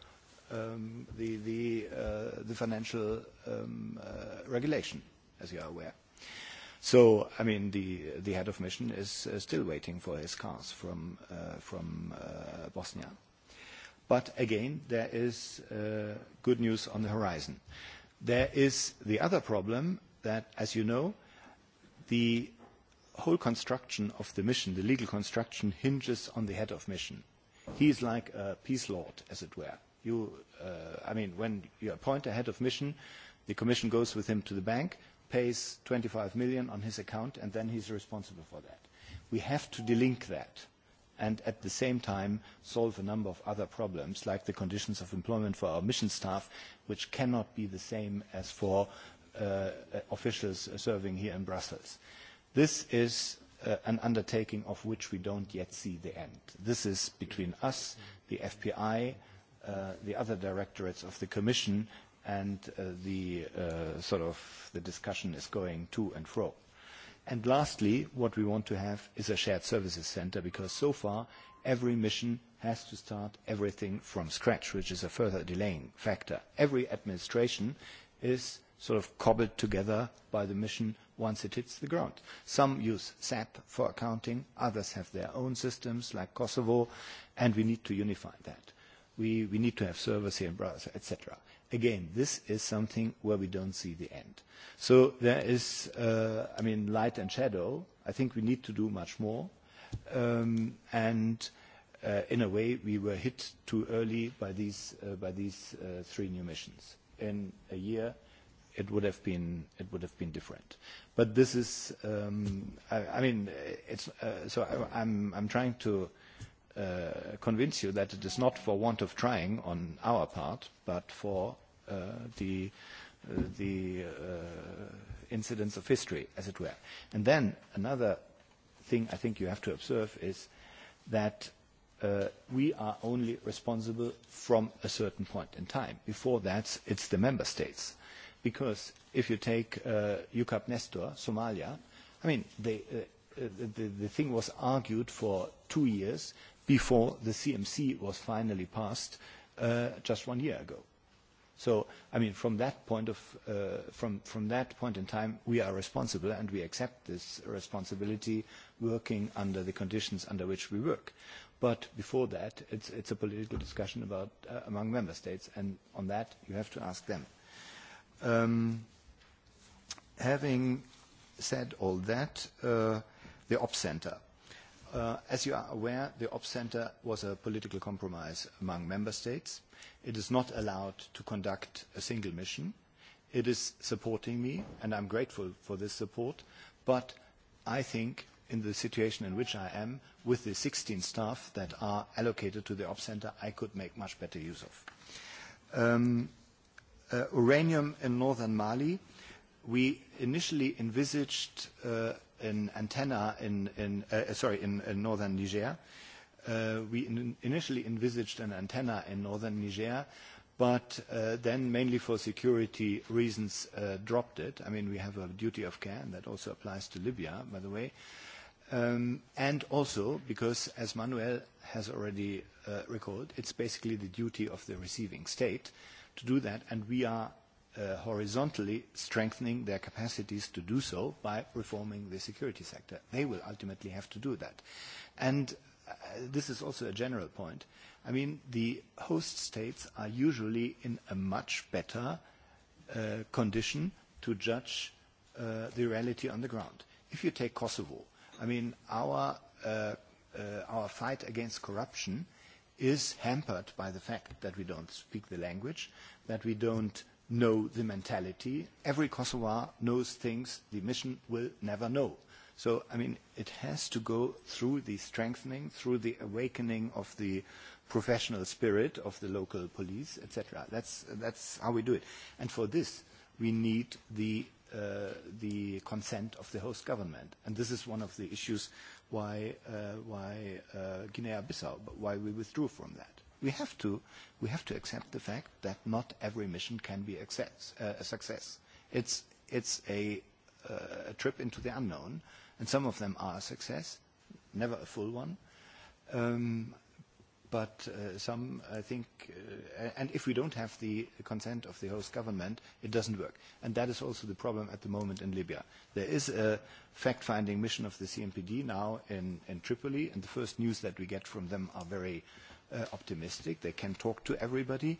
um, the, the, uh, the financial um, uh, regulation, as you are aware. Uh, So, I mean, the, the head of mission is uh, still waiting for his cars from, uh, from uh, Bosnia. But again, there is uh, good news on the horizon. There is the other problem that, as you know, the whole construction of the mission, the legal construction, hinges on the head of mission. He is like a peace lord, as it were. You, uh, I mean, when you appoint a head of mission, the commission goes with him to the bank, pays 25 million on his account and then he's responsible for that. We have to delink that and at the same time solve a number of other problems like the conditions of employment for our mission staff which cannot be the same as for uh, officials serving here in Brussels. This is uh, an undertaking of which we don't yet see the end. This is between us, the FPI, uh, the other directorates of the Commission and the sort of the discussion is going to and fro. And Lastly, what we want to have is a shared services center, because so far, every mission has to start everything from scratch, which is a further delaying factor. Every administration is sort of cobbled together by the mission once it hits the ground. Some use SAP for accounting, others have their own systems like Kosovo, and we need to unify that. We we need to have servers here in Brussels, et cetera again, this is something where we don't see the end. So there is, uh, I mean, light and shadow. I think we need to do much more. Um, and uh, in a way, we were hit too early by these, uh, by these uh, three new missions. In a year, it would have been it would have been different. But this is, um, I, I mean, it's uh, so I, I'm I'm trying to convince you that it is not for want of trying on our part, but for the the incidents of history, as it were. And then another thing I think you have to observe is that uh we are only responsible from a certain point in time. Before that, it's the member states. Because if you take uh, UCAP Nestor, Somalia, I mean, they, uh, the, the thing was argued for two years before the CMC was finally passed just one year ago. So, I mean, from that point of, from that point in time, we are responsible, and we accept this responsibility, working under the conditions under which we work. But before that, it's a political discussion about among member states, and on that, you have to ask them. Having said all that, the op center. As you are aware, the Ops Center was a political compromise among member states. It is not allowed to conduct a single mission. It is supporting me, and I'm grateful for this support, but I think in the situation in which I am, with the 16 staff that are allocated to the Ops Center, I could make much better use of. uranium in northern Mali, we initially envisaged in antenna in, in uh, sorry, in, in northern Niger. Uh, we in, initially envisaged an antenna in northern Niger, but uh, then mainly for security reasons uh, dropped it. I mean, we have a duty of care, and that also applies to Libya, by the way. Um, and also because, as Manuel has already uh, recalled, it's basically the duty of the receiving state to do that, and we are horizontally strengthening their capacities to do so by reforming the security sector. They will ultimately have to do that. And this is also a general point. I mean, the host states are usually in a much better condition to judge the reality on the ground. If you take Kosovo, I mean, our, our fight against corruption is hampered by the fact that we don't speak the language, that we don't know the mentality. Every Kosovar knows things the mission will never know. So, I mean, it has to go through the strengthening, through the awakening of the professional spirit of the local police, etc. That's, that's how we do it. And for this, we need the, uh, the consent of the host government. And this is one of the issues why, uh, why uh, Guinea-Bissau, why we withdrew from that. We have to, we have to accept the fact that not every mission can be access, uh, a success. It's, it's a, uh, a trip into the unknown, and some of them are a success, never a full one. Um, but uh, some, I think, uh, and if we don't have the consent of the host government, it doesn't work. And that is also the problem at the moment in Libya. There is a fact-finding mission of the CMPD now in, in Tripoli, and the first news that we get from them are very uh, optimistic. They can talk to everybody,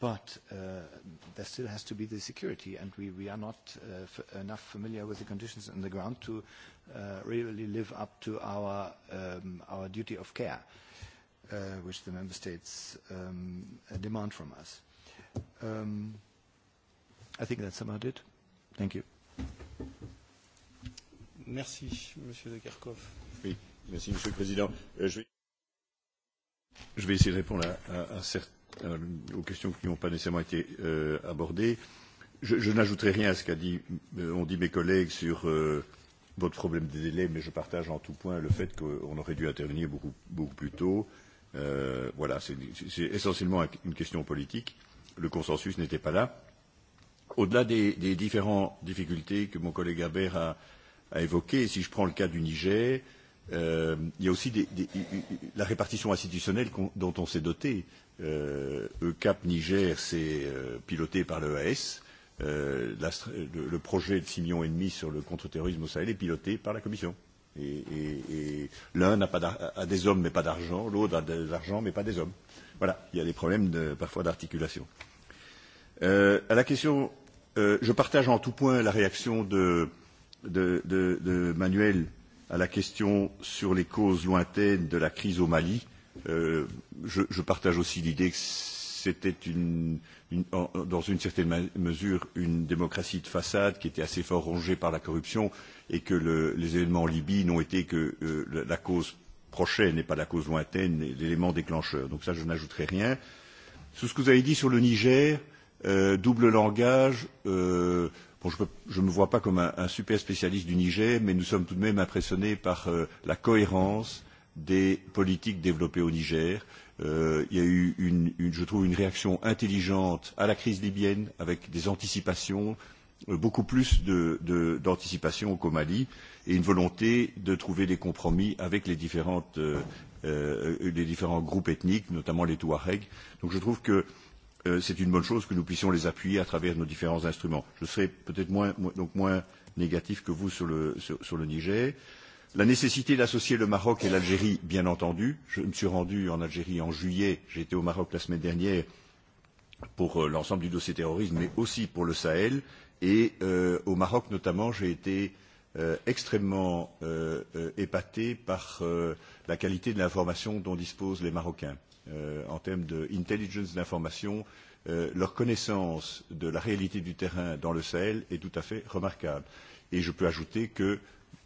but there still has to be the security, and we, we are not uh, enough familiar with the conditions on the ground to really live up to our, our duty of care, which the member states demand from us. I think that's about it. Thank you. Merci, Monsieur de Kerkhoff. Oui, merci, Monsieur le Président. Euh, je... Je vais essayer de répondre à, à, à aux questions qui n'ont pas nécessairement été euh, abordées. Je, je n'ajouterai rien à ce qu'ont dit, euh, dit mes collègues sur euh, votre problème des délais, mais je partage en tout point le fait qu'on aurait dû intervenir beaucoup, beaucoup plus tôt. Euh, voilà, c'est essentiellement une question politique. Le consensus n'était pas là. Au-delà des, des différentes difficultés que mon collègue Haber a, a évoquées, si je prends le cas du Niger, euh, Euh, il y a aussi des, des, la répartition institutionnelle dont on s'est doté. Euh, ECAP Niger, c'est euh, piloté par l'EAS. Euh, la, le, le projet de Simion et demi sur le contre-terrorisme au Sahel est piloté par la Commission. Et, et, et l'un a, a des hommes mais pas d'argent, l'autre a de l'argent mais pas des hommes. Voilà, il y a des problèmes de, parfois d'articulation. Euh, à la question, euh, je partage en tout point la réaction de, de, de, de Manuel à la question sur les causes lointaines de la crise au Mali, je, je partage aussi l'idée que c'était une, une, dans une certaine mesure une démocratie de façade qui était assez fort rongée par la corruption et que le, les événements en Libye n'ont été que euh, la cause prochaine et pas la cause lointaine, l'élément déclencheur. Donc ça, je n'ajouterai rien. Sur ce que vous avez dit sur le Niger, euh, double langage, euh, Bon, je ne me vois pas comme un, un super spécialiste du Niger, mais nous sommes tout de même impressionnés par euh, la cohérence des politiques développées au Niger. Euh, il y a eu, une, une, je trouve, une réaction intelligente à la crise libyenne, avec des anticipations, euh, beaucoup plus d'anticipations de, de, qu'au Mali, et une volonté de trouver des compromis avec les, différentes, euh, euh, les différents groupes ethniques, notamment les Touaregs. Donc je trouve que euh, c'est une bonne chose que nous puissions les appuyer à travers nos différents instruments. Je serai peut-être moins, donc moins négatif que vous sur le, sur, sur le Niger. La nécessité d'associer le Maroc et l'Algérie, bien entendu. Je me suis rendu en Algérie en juillet, j'ai été au Maroc la semaine dernière pour l'ensemble du dossier terrorisme, mais aussi pour le Sahel. Et euh, au Maroc notamment, j'ai été euh, extrêmement euh, euh, épaté par euh, la qualité de l'information dont disposent les Marocains en termes d'intelligence d'information, leur connaissance de la réalité du terrain dans le Sahel est tout à fait remarquable. Et je peux ajouter que,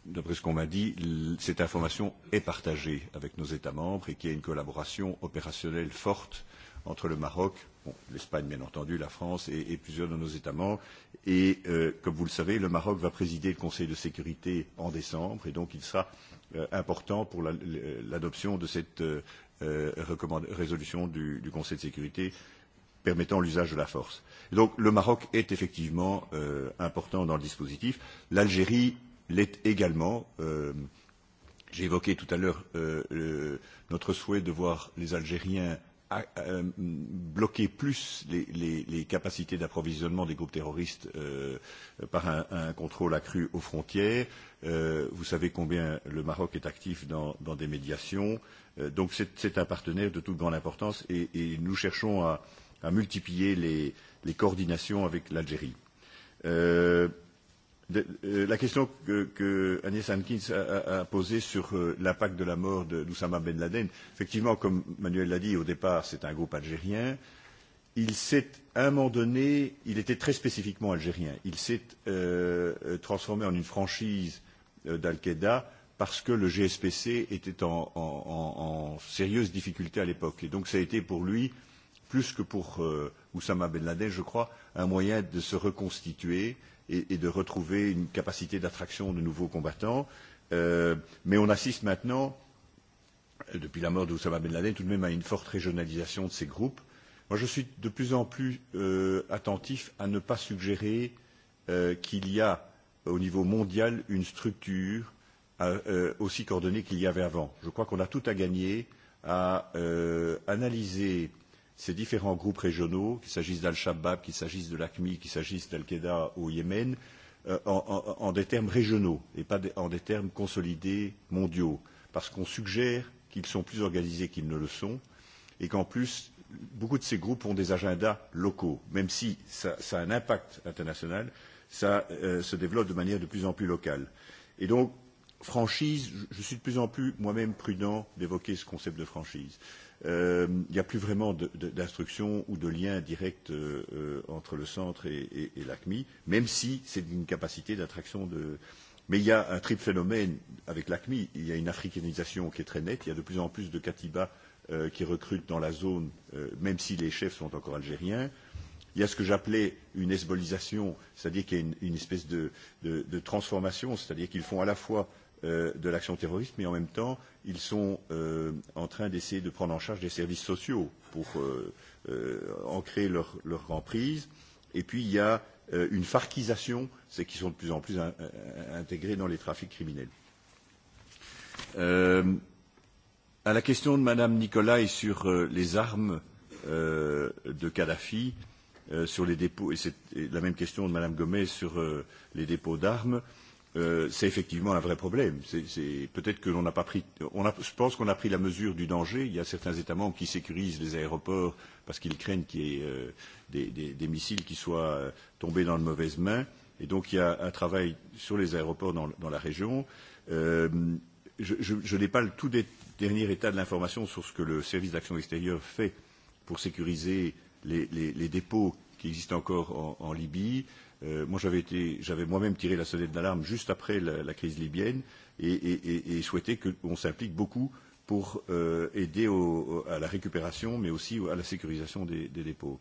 d'après ce qu'on m'a dit, cette information est partagée avec nos États membres et qu'il y a une collaboration opérationnelle forte entre le Maroc, l'Espagne bien entendu, la France et, plusieurs de nos États membres. Et comme vous le savez, le Maroc va présider le Conseil de sécurité en décembre et donc il sera important pour l'adoption de cette résolution du, Conseil de sécurité permettant l'usage de la force. donc le Maroc est effectivement important dans le dispositif. L'Algérie l'est également. J'ai évoqué tout à l'heure notre souhait de voir les Algériens à bloquer plus les, les, les capacités d'approvisionnement des groupes terroristes euh, par un, un contrôle accru aux frontières. Euh, vous savez combien le Maroc est actif dans, dans des médiations. Euh, donc c'est un partenaire de toute grande importance et, et nous cherchons à, à multiplier les, les coordinations avec l'Algérie. Euh, de, euh, la question que, que Agnès Hankins a, a, a posée sur euh, l'impact de la mort d'Oussama Ben Laden, effectivement, comme Manuel l'a dit au départ, c'est un groupe algérien. Il s'est, à un moment donné, il était très spécifiquement algérien. Il s'est euh, transformé en une franchise euh, d'Al-Qaïda parce que le GSPC était en, en, en, en sérieuse difficulté à l'époque. Et donc, ça a été pour lui, plus que pour euh, Oussama Ben Laden, je crois, un moyen de se reconstituer euh, et, et de retrouver une capacité d'attraction de nouveaux combattants. Euh, mais on assiste maintenant, depuis la mort d'Oussama Ben Laden, tout de même à une forte régionalisation de ces groupes. Moi, je suis de plus en plus euh, attentif à ne pas suggérer euh, qu'il y a au niveau mondial une structure euh, aussi coordonnée qu'il y avait avant. Je crois qu'on a tout à gagner à euh, analyser ces différents groupes régionaux, qu'il s'agisse d'Al-Shabaab, qu'il s'agisse de l'ACMI, qu'il s'agisse d'Al-Qaïda au Yémen, en, des termes régionaux et pas en des termes consolidés mondiaux, parce qu'on suggère qu'ils sont plus organisés qu'ils ne le sont et qu'en plus, beaucoup de ces groupes ont des agendas locaux, même si ça, a un impact international, ça se développe de manière de plus en plus locale. Et donc, franchise, je suis de plus en plus moi-même prudent d'évoquer ce concept de franchise euh, il n'y a plus vraiment d'instruction ou de lien direct euh, entre le centre et, et, et l'ACMI, même si c'est une capacité d'attraction de. Mais il y a un triple phénomène avec l'ACMI. Il y a une africanisation qui est très nette. Il y a de plus en plus de Katiba euh, qui recrutent dans la zone, euh, même si les chefs sont encore algériens. Il y a ce que j'appelais une esbolisation, c'est-à-dire qu'il y a une, une espèce de, de, de transformation, c'est-à-dire qu'ils font à la fois euh, de l'action terroriste, mais en même temps, ils sont en train d'essayer de prendre en charge des services sociaux pour ancrer leur, leur emprise. Et puis, il y a une farcisation, c'est qu'ils sont de plus en plus intégrés dans les trafics criminels. à la question de Madame Nicolai sur les armes de Kadhafi, sur les dépôts, et c'est la même question de Madame Gomez sur les dépôts d'armes, euh, c'est effectivement un vrai problème. Peut-être que l'on n'a pas pris. On a, je pense qu'on a pris la mesure du danger. Il y a certains États membres qui sécurisent les aéroports parce qu'ils craignent qu'il y ait euh, des, des, des missiles qui soient tombés dans de mauvaises mains. Et donc il y a un travail sur les aéroports dans, dans la région. Euh, je je, je n'ai pas le tout des, dernier état de l'information sur ce que le service d'action extérieure fait pour sécuriser les, les, les dépôts qui existent encore en, en Libye. Euh, moi, j'avais moi-même tiré la sonnette d'alarme juste après la, la crise libyenne et, et, et, et souhaitais qu'on s'implique beaucoup pour euh, aider au, à la récupération, mais aussi à la sécurisation des, des dépôts.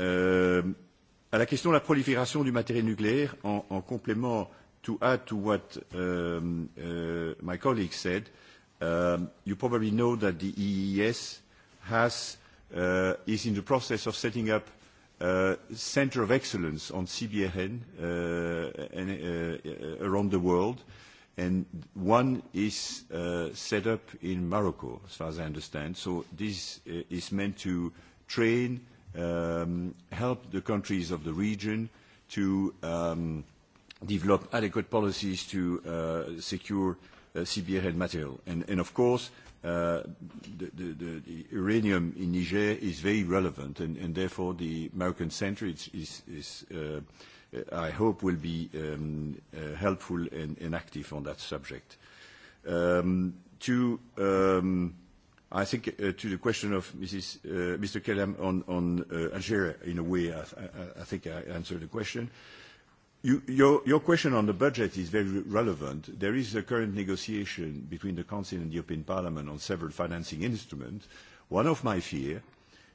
Euh, à la question de la prolifération du matériel nucléaire, en, en complément to add to what um, uh, my colleague said, um, you probably know that the EES has, uh, is in the process of setting up center of excellence on CBRN around the world, and one is set up in Morocco, as far as I understand. So this is meant to train, help the countries of the region to develop adequate policies to secure CBRN material. And of course, the uranium in Niger is very relevant, and therefore the American Century is, I hope, will be helpful and active on that subject. To, I think, to the question of Mr. Kellam on Algeria, in a way, I think I answered the question. Your question on the budget is very relevant. There is a current negotiation between the Council and the European Parliament on several financing instruments. One of my fear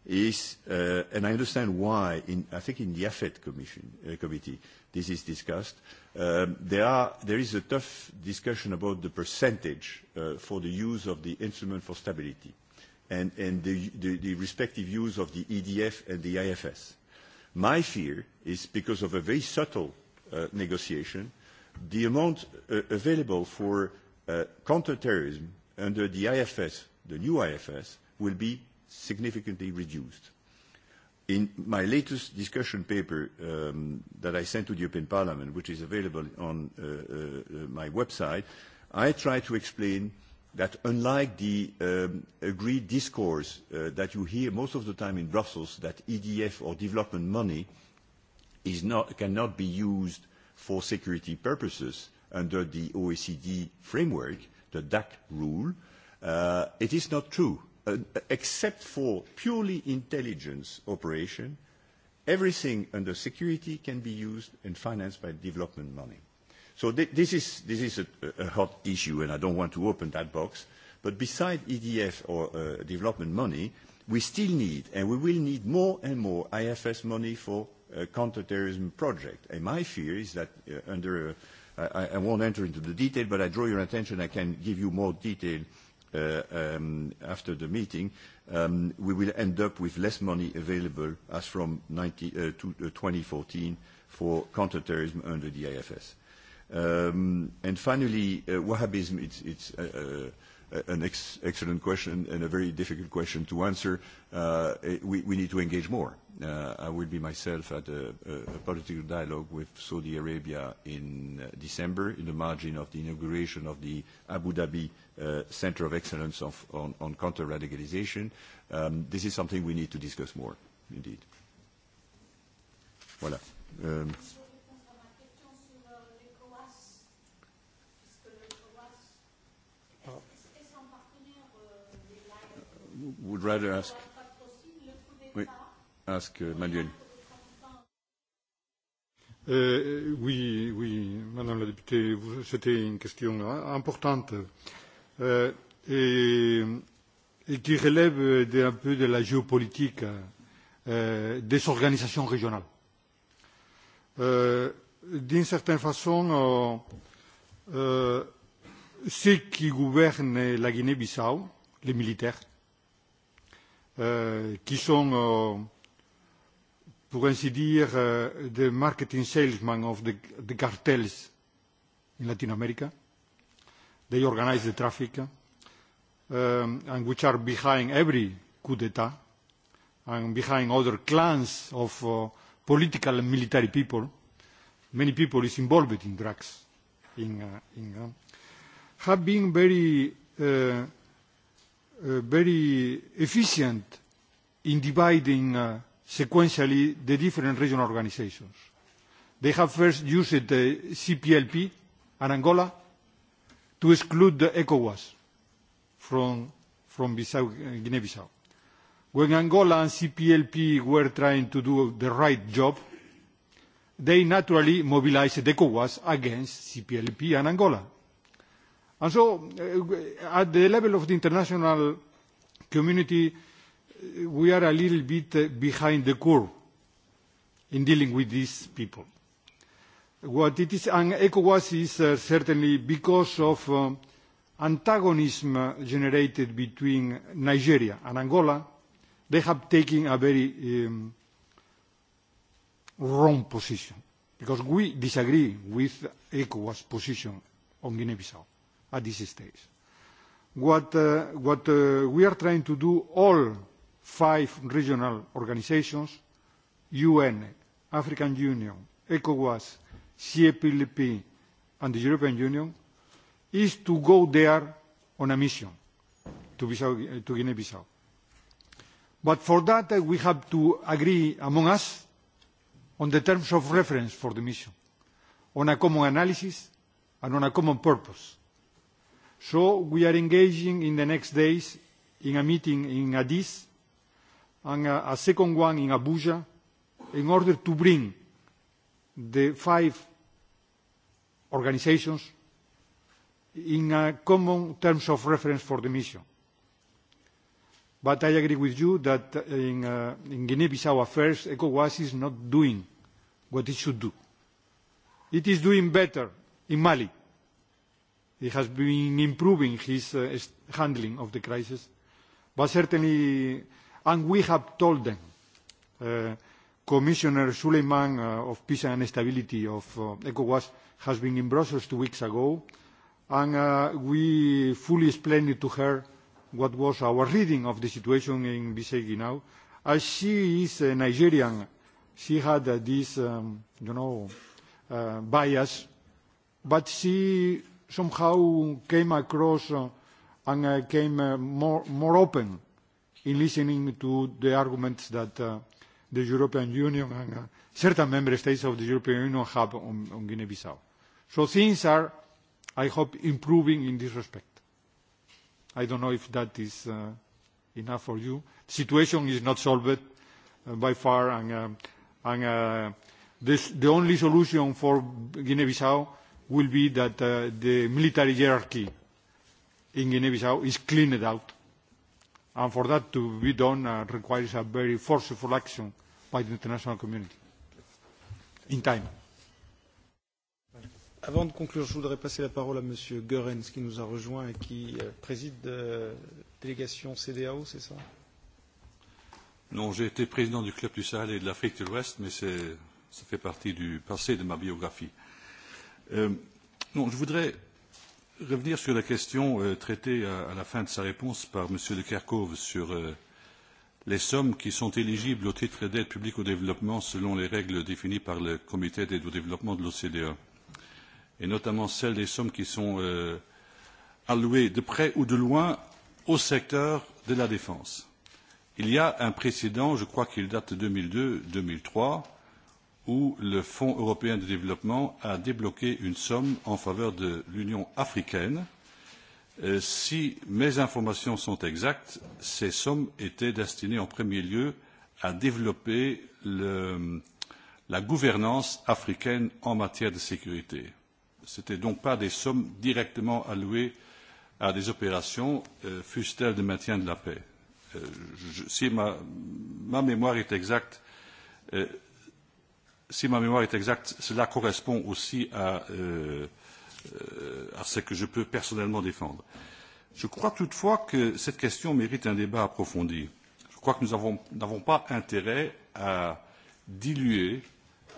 is, and I understand why, in I think in the AFET commission, committee, this is discussed. There is a tough discussion about the percentage for the use of the instrument for stability and the respective use of the EDF and the IFS. My fear is because of a very subtle negotiation, the amount available for counterterrorism under the IFS, the new IFS, will be significantly reduced. In my latest discussion paper that I sent to the European Parliament, which is available on my website, I try to explain that unlike the agreed discourse that you hear most of the time in Brussels, that EDF or development money is not, cannot be used for security purposes under the OECD framework, the DAC rule, uh, it is not true. Uh, except for purely intelligence operation, everything under security can be used and financed by development money. So th this is, this is a, a hot issue, and I don't want to open that box. But beside EDF or uh, development money, we still need, and we will need more and more IFS money for counterterrorism project. And my fear is that uh, under, uh, I, I won't enter into the detail, but I draw your attention, I can give you more detail uh, um, after the meeting, um, we will end up with less money available as from 90, uh, to, uh, 2014 for counterterrorism under the AFS. Um, and finally, uh, Wahhabism, it's, it's uh, an ex excellent question and a very difficult question to answer. Uh, we, we need to engage more. Uh, I will be myself at a, a political dialogue with Saudi Arabia in December in the margin of the inauguration of the Abu Dhabi uh, Center of Excellence of, on, on counter-radicalization. Um, this is something we need to discuss more, indeed. Voilà. Um, would rather ask. Oui, ask uh, Manuel. oui, oui, Madame la députée, c'était une question importante euh, et, et qui relève de, un peu de la géopolitique euh, des organisations régionales. Euh, D'une certaine façon, euh, euh, ceux qui gouvernent la Guinée-Bissau, les militaires, qui sont, pour ainsi dire, the marketing salesmen of the, the cartels in Latin America. They organize the traffic and which are behind every coup d'etat and behind other clans of political and military people. Many people is involved in drugs in, uh, in uh, have been very uh very efficient in dividing sequentially the different regional organisations. They have first used the CPLP and Angola to exclude the ECOWAS from, from Guinea-Bissau. When Angola and CPLP were trying to do the right job, they naturally mobilised ECOWAS against CPLP and Angola And so at the level of the international community, we are a little bit behind the curve in dealing with these people. What it is, and ECOWAS is certainly because of antagonism generated between Nigeria and Angola, they have taken a very wrong position because we disagree with ECOWAS' position on Guinea-Bissau at this stage. What, we are trying to do, all five regional organisations, UN, African Union, ECOWAS, CEPLP, and the European Union, is to go there on a mission to, to Guinea-Bissau. But for that, we have to agree among us on the terms of reference for the mission, on a common analysis and on a common purpose So we are engaging in the next days in a meeting in Addis and a second one in Abuja in order to bring the five organisations in common terms of reference for the mission. But I agree with you that in Guinea-Bissau affairs, ECOWAS is not doing what it should do. It is doing better in Mali He has been improving his uh, handling of the crisis, but certainly, and we have told them, uh, Commissioner Suleiman uh, of Peace and Stability of uh, ECOWAS has been in Brussels two weeks ago, and uh, we fully explained to her what was our reading of the situation in Bisay now. As she is a Nigerian, she had uh, this, um, you know, uh, bias, but she somehow came across and came more more open in listening to the arguments that the European Union and uh certain member states of the European Union have on Guinea-Bissau. So things are, I hope, improving in this respect. I don't know if that is uh enough for you. The situation is not solved by far, and uh uh and the only solution for Guinea-Bissau will be that the military hierarchy in Guinea-Bissau is cleaned out. And for that to be done uh, requires a very forceful action by the international community in time. Avant de conclure, je voudrais passer la parole à M. Goerens qui nous a rejoint et qui préside la délégation CDAO, c'est ça Non, j'ai été président du Club du Sahel et de l'Afrique de l'Ouest, mais ça fait partie du passé de ma biographie. Euh, non, je voudrais revenir sur la question euh, traitée à, à la fin de sa réponse par M. de Kerkhove sur euh, les sommes qui sont éligibles au titre d'aide publique au développement selon les règles définies par le comité d'aide au développement de l'OCDE, et notamment celles des sommes qui sont euh, allouées de près ou de loin au secteur de la défense. Il y a un précédent, je crois qu'il date de deux mille 2002-2003, où le Fonds européen de développement a débloqué une somme en faveur de l'Union africaine. Si mes informations sont exactes, ces sommes étaient destinées en premier lieu à développer la gouvernance africaine en matière de sécurité. Ce n'étaient donc pas des sommes directement allouées à des opérations, fussent-elles de maintien de la paix. si ma, mémoire est exacte, si ma mémoire est exacte, cela correspond aussi à, ce que je peux personnellement défendre. Je crois toutefois que cette question mérite un débat approfondi. Je crois que nous n'avons pas intérêt à diluer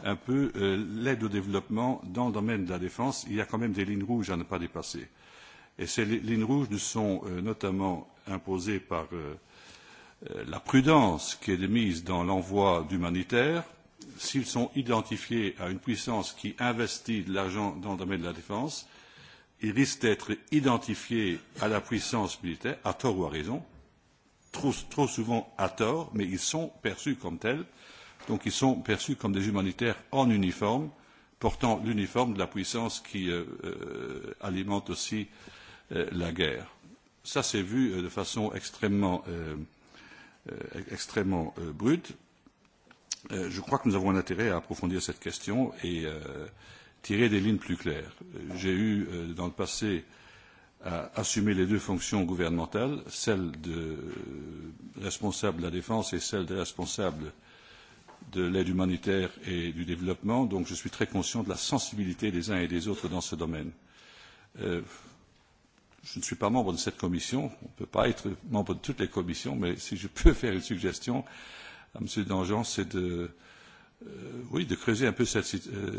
un peu l'aide au développement dans le domaine de la défense. Il y a quand même des lignes rouges à ne pas dépasser. Et ces lignes rouges nous sont notamment imposées par la prudence qui est mise dans l'envoi d'humanitaire, s'ils sont identifiés à une puissance qui investit de l'argent dans le domaine de la défense, ils risquent d'être identifiés à la puissance militaire, à tort ou à raison, trop, souvent à tort, mais ils sont perçus comme tels. Donc ils sont perçus comme des humanitaires en uniforme, portant l'uniforme de la puissance qui alimente aussi la guerre. Cela s'est vu de façon extrêmement, extrêmement brute je crois que nous avons un intérêt à approfondir cette question et tirer des lignes plus claires. J'ai eu dans le passé à assumer les deux fonctions gouvernementales, celle de responsable de la défense et celle de responsable de l'aide humanitaire et du développement. Donc je suis très conscient de la sensibilité des uns et des autres dans ce domaine. je ne suis pas membre de cette commission, on ne peut pas être membre de toutes les commissions, mais si je peux faire une suggestion, euh, à M. Dangean, c'est de, oui, de creuser un peu cette,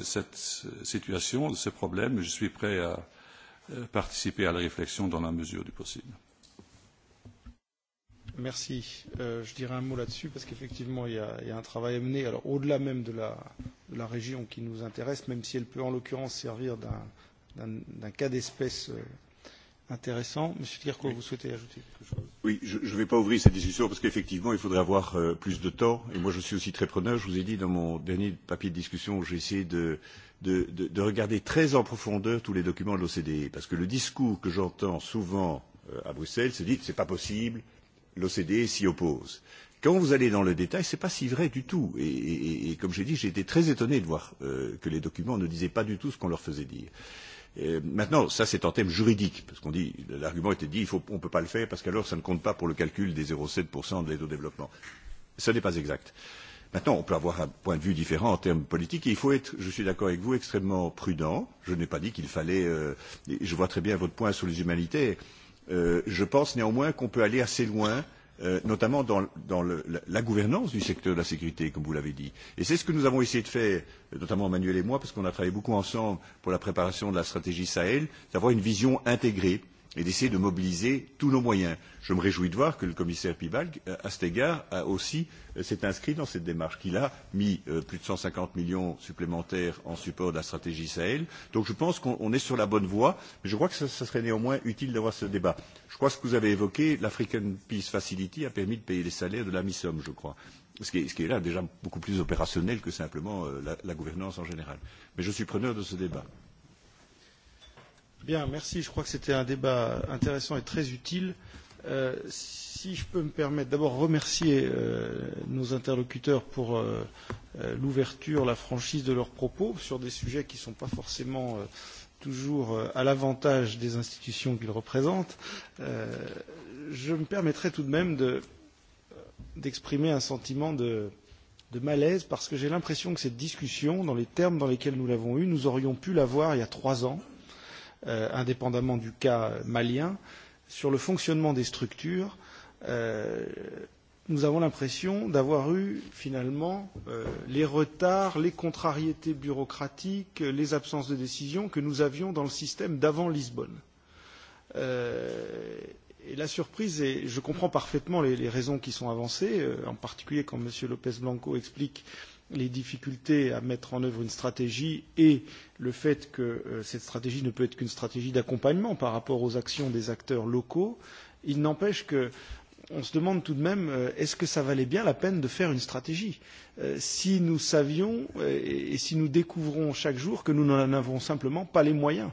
cette situation, ce problème. Je suis prêt à participer à la réflexion dans la mesure du possible. Merci. Euh, je dirais un mot là-dessus parce qu'effectivement, il, y a, il y a un travail à mener. Alors, au-delà même de la, de la région qui nous intéresse, même si elle peut en l'occurrence servir d'un cas d'espèce intéressant. Monsieur Tirko, vous souhaitez ajouter quelque chose Oui, je ne vais pas ouvrir cette discussion parce qu'effectivement, il faudrait avoir euh, plus de temps. Et moi, je suis aussi très preneur. Je vous ai dit dans mon dernier papier de discussion, j'ai essayé de, de, de, de regarder très en profondeur tous les documents de l'OCDE. Parce que le discours que j'entends souvent euh, à Bruxelles, c'est dit, c'est pas possible, l'OCDE s'y oppose. Quand vous allez dans le détail, ce n'est pas si vrai du tout. Et, et, et comme j'ai dit, j'ai été très étonné de voir euh, que les documents ne disaient pas du tout ce qu'on leur faisait dire. Euh, maintenant, ça c'est en termes juridiques, parce qu'on dit l'argument était dit on ne peut pas le faire parce qu'alors ça ne compte pas pour le calcul des zéro sept de l'aide au développement. Ce n'est pas exact. Maintenant, on peut avoir un point de vue différent en termes politiques et il faut être, je suis d'accord avec vous, extrêmement prudent. Je n'ai pas dit qu'il fallait je vois très bien votre point sur les humanitaires. je pense néanmoins qu'on peut aller assez loin notamment dans, la, gouvernance du secteur de la sécurité, comme vous l'avez dit. Et c'est ce que nous avons essayé de faire, notamment Manuel et moi, parce qu'on a travaillé beaucoup ensemble pour la préparation de la stratégie Sahel, d'avoir une vision intégrée et d'essayer de mobiliser tous nos moyens. Je me réjouis de voir que le commissaire Pibalg, à cet égard, a aussi s'est inscrit dans cette démarche, qu'il a mis plus de cent cinquante millions supplémentaires en support de la stratégie Sahel. Donc je pense qu'on est sur la bonne voie, mais je crois que ce serait néanmoins utile d'avoir ce débat. Je crois que ce que vous avez évoqué, l'African Peace Facility a permis de payer les salaires de la mi-somme, je crois. Ce qui, est, ce qui est là déjà beaucoup plus opérationnel que simplement la, la gouvernance en général. Mais je suis preneur de ce débat. Bien, merci. Je crois que c'était un débat intéressant et très utile. Euh, si je peux me permettre, d'abord remercier euh, nos interlocuteurs pour euh, l'ouverture, la franchise de leurs propos sur des sujets qui ne sont pas forcément euh, toujours à l'avantage des institutions qu'ils représentent. Euh, je me permettrai tout de même de, d'exprimer un sentiment de, de malaise parce que j'ai l'impression que cette discussion, dans les termes dans lesquels nous l'avons eue, nous aurions pu l'avoir il y a trois ans indépendamment du cas malien, sur le fonctionnement des structures, nous avons l'impression d'avoir eu finalement les retards, les contrariétés bureaucratiques, les absences de décision que nous avions dans le système d'avant Lisbonne. et la surprise, et je comprends parfaitement les, raisons qui sont avancées, en particulier quand M. Lopez Blanco explique euh, les difficultés à mettre en œuvre une stratégie et le fait que cette stratégie ne peut être qu'une stratégie d'accompagnement par rapport aux actions des acteurs locaux, il n'empêche que on se demande tout de même est-ce que ça valait bien la peine de faire une stratégie si nous savions et si nous découvrons chaque jour que nous n'en avons simplement pas les moyens.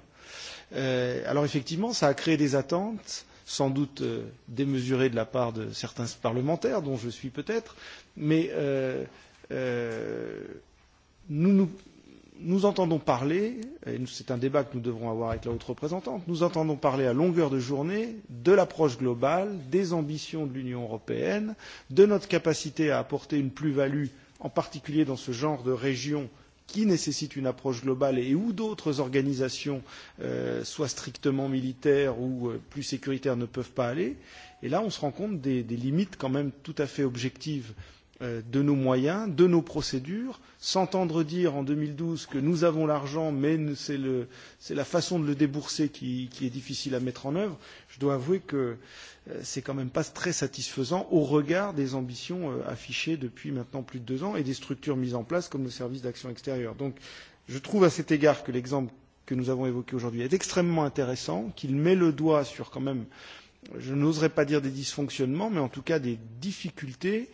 alors effectivement, ça a créé des attentes sans doute démesurées de la part de certains parlementaires, dont je suis peut-être, mais nous, nous, nous entendons parler, et c'est un débat que nous devrons avoir avec la haute représentante, nous entendons parler à longueur de journée de l'approche globale, des ambitions de l'Union européenne, de notre capacité à apporter une plus-value, en particulier dans ce genre de région qui nécessite une approche globale et où d'autres organisations, soit strictement militaires ou plus sécuritaires, ne peuvent pas aller. Et là, on se rend compte des, limites quand même tout à fait objectives euh, de nos moyens, de nos procédures, s'entendre dire en deux mille douze que nous avons l'argent, mais c'est la façon de le débourser qui, est difficile à mettre en œuvre, je dois avouer que ce n'est quand même pas très satisfaisant au regard des ambitions affichées depuis maintenant plus de deux ans et des structures mises en place comme le service d'action extérieure. Donc je trouve à cet égard que l'exemple que nous avons évoqué aujourd'hui est extrêmement intéressant, qu'il met le doigt sur quand même, je n'oserais pas dire des dysfonctionnements, mais en tout cas des difficultés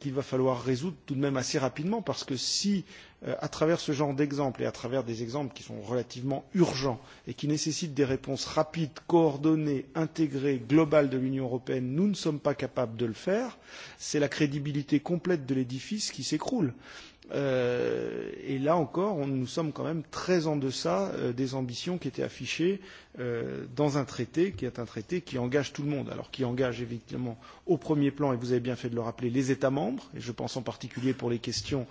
qu'il va falloir résoudre tout de même assez rapidement parce que si, à travers ce genre d'exemples et à travers des exemples qui sont relativement urgents et qui nécessitent des réponses rapides, coordonnées, intégrées, globales de l'Union européenne, nous ne sommes pas capables de le faire, c'est la crédibilité complète de l'édifice qui s'écroule. Euh, et là encore, nous sommes quand même très en deçà des ambitions qui étaient affichées dans un traité qui est un traité qui engage tout le monde, alors qui engage évidemment au premier plan, et vous avez bien fait de le rappeler, les États membres, et je pense en particulier pour les questions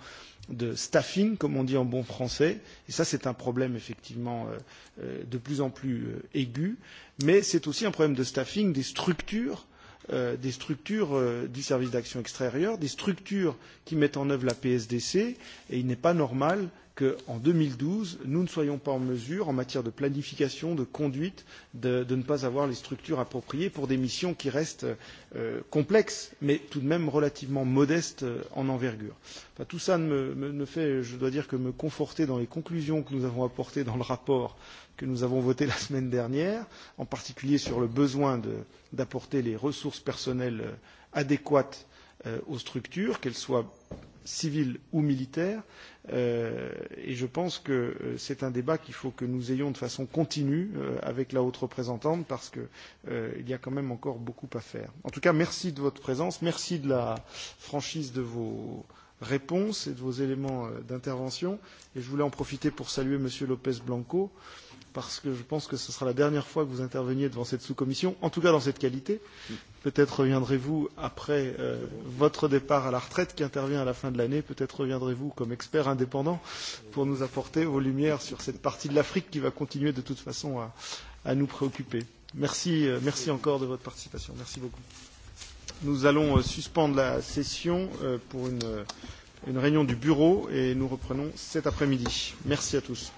de staffing, comme on dit en bon français, et ça c'est un problème effectivement de plus en plus aigu, mais c'est aussi un problème de staffing des structures des structures du service d'action extérieure, des structures qui mettent en œuvre la PSDC, et il n'est pas normal qu'en deux mille douze, nous ne soyons pas en mesure, en matière de planification, de conduite, de, ne pas avoir les structures appropriées pour des missions qui restent complexes, mais tout de même relativement modestes en envergure. tout cela ne fait, je dois dire, que me conforter dans les conclusions que nous avons apportées dans le rapport que nous avons voté la semaine dernière, en particulier sur le besoin d'apporter les ressources personnelles adéquates aux structures, qu'elles soient civiles ou militaires. et je pense que c'est un débat qu'il faut que nous ayons de façon continue avec la haute représentante parce qu'il y a quand même encore beaucoup à faire. En tout cas, merci de votre présence, merci de la franchise de vos réponses et de vos éléments d'intervention. Et je voulais en profiter pour saluer M. Lopez Blanco, parce que je pense que ce sera la dernière fois que vous interveniez devant cette sous-commission, en tout cas dans cette qualité. Peut-être reviendrez-vous après euh, votre départ à la retraite qui intervient à la fin de l'année, peut-être reviendrez-vous comme expert indépendant pour nous apporter vos lumières sur cette partie de l'Afrique qui va continuer de toute façon à, à nous préoccuper. Merci, euh, merci encore de votre participation. Merci beaucoup. Nous allons euh, suspendre la session euh, pour une, une réunion du bureau et nous reprenons cet après-midi. Merci à tous.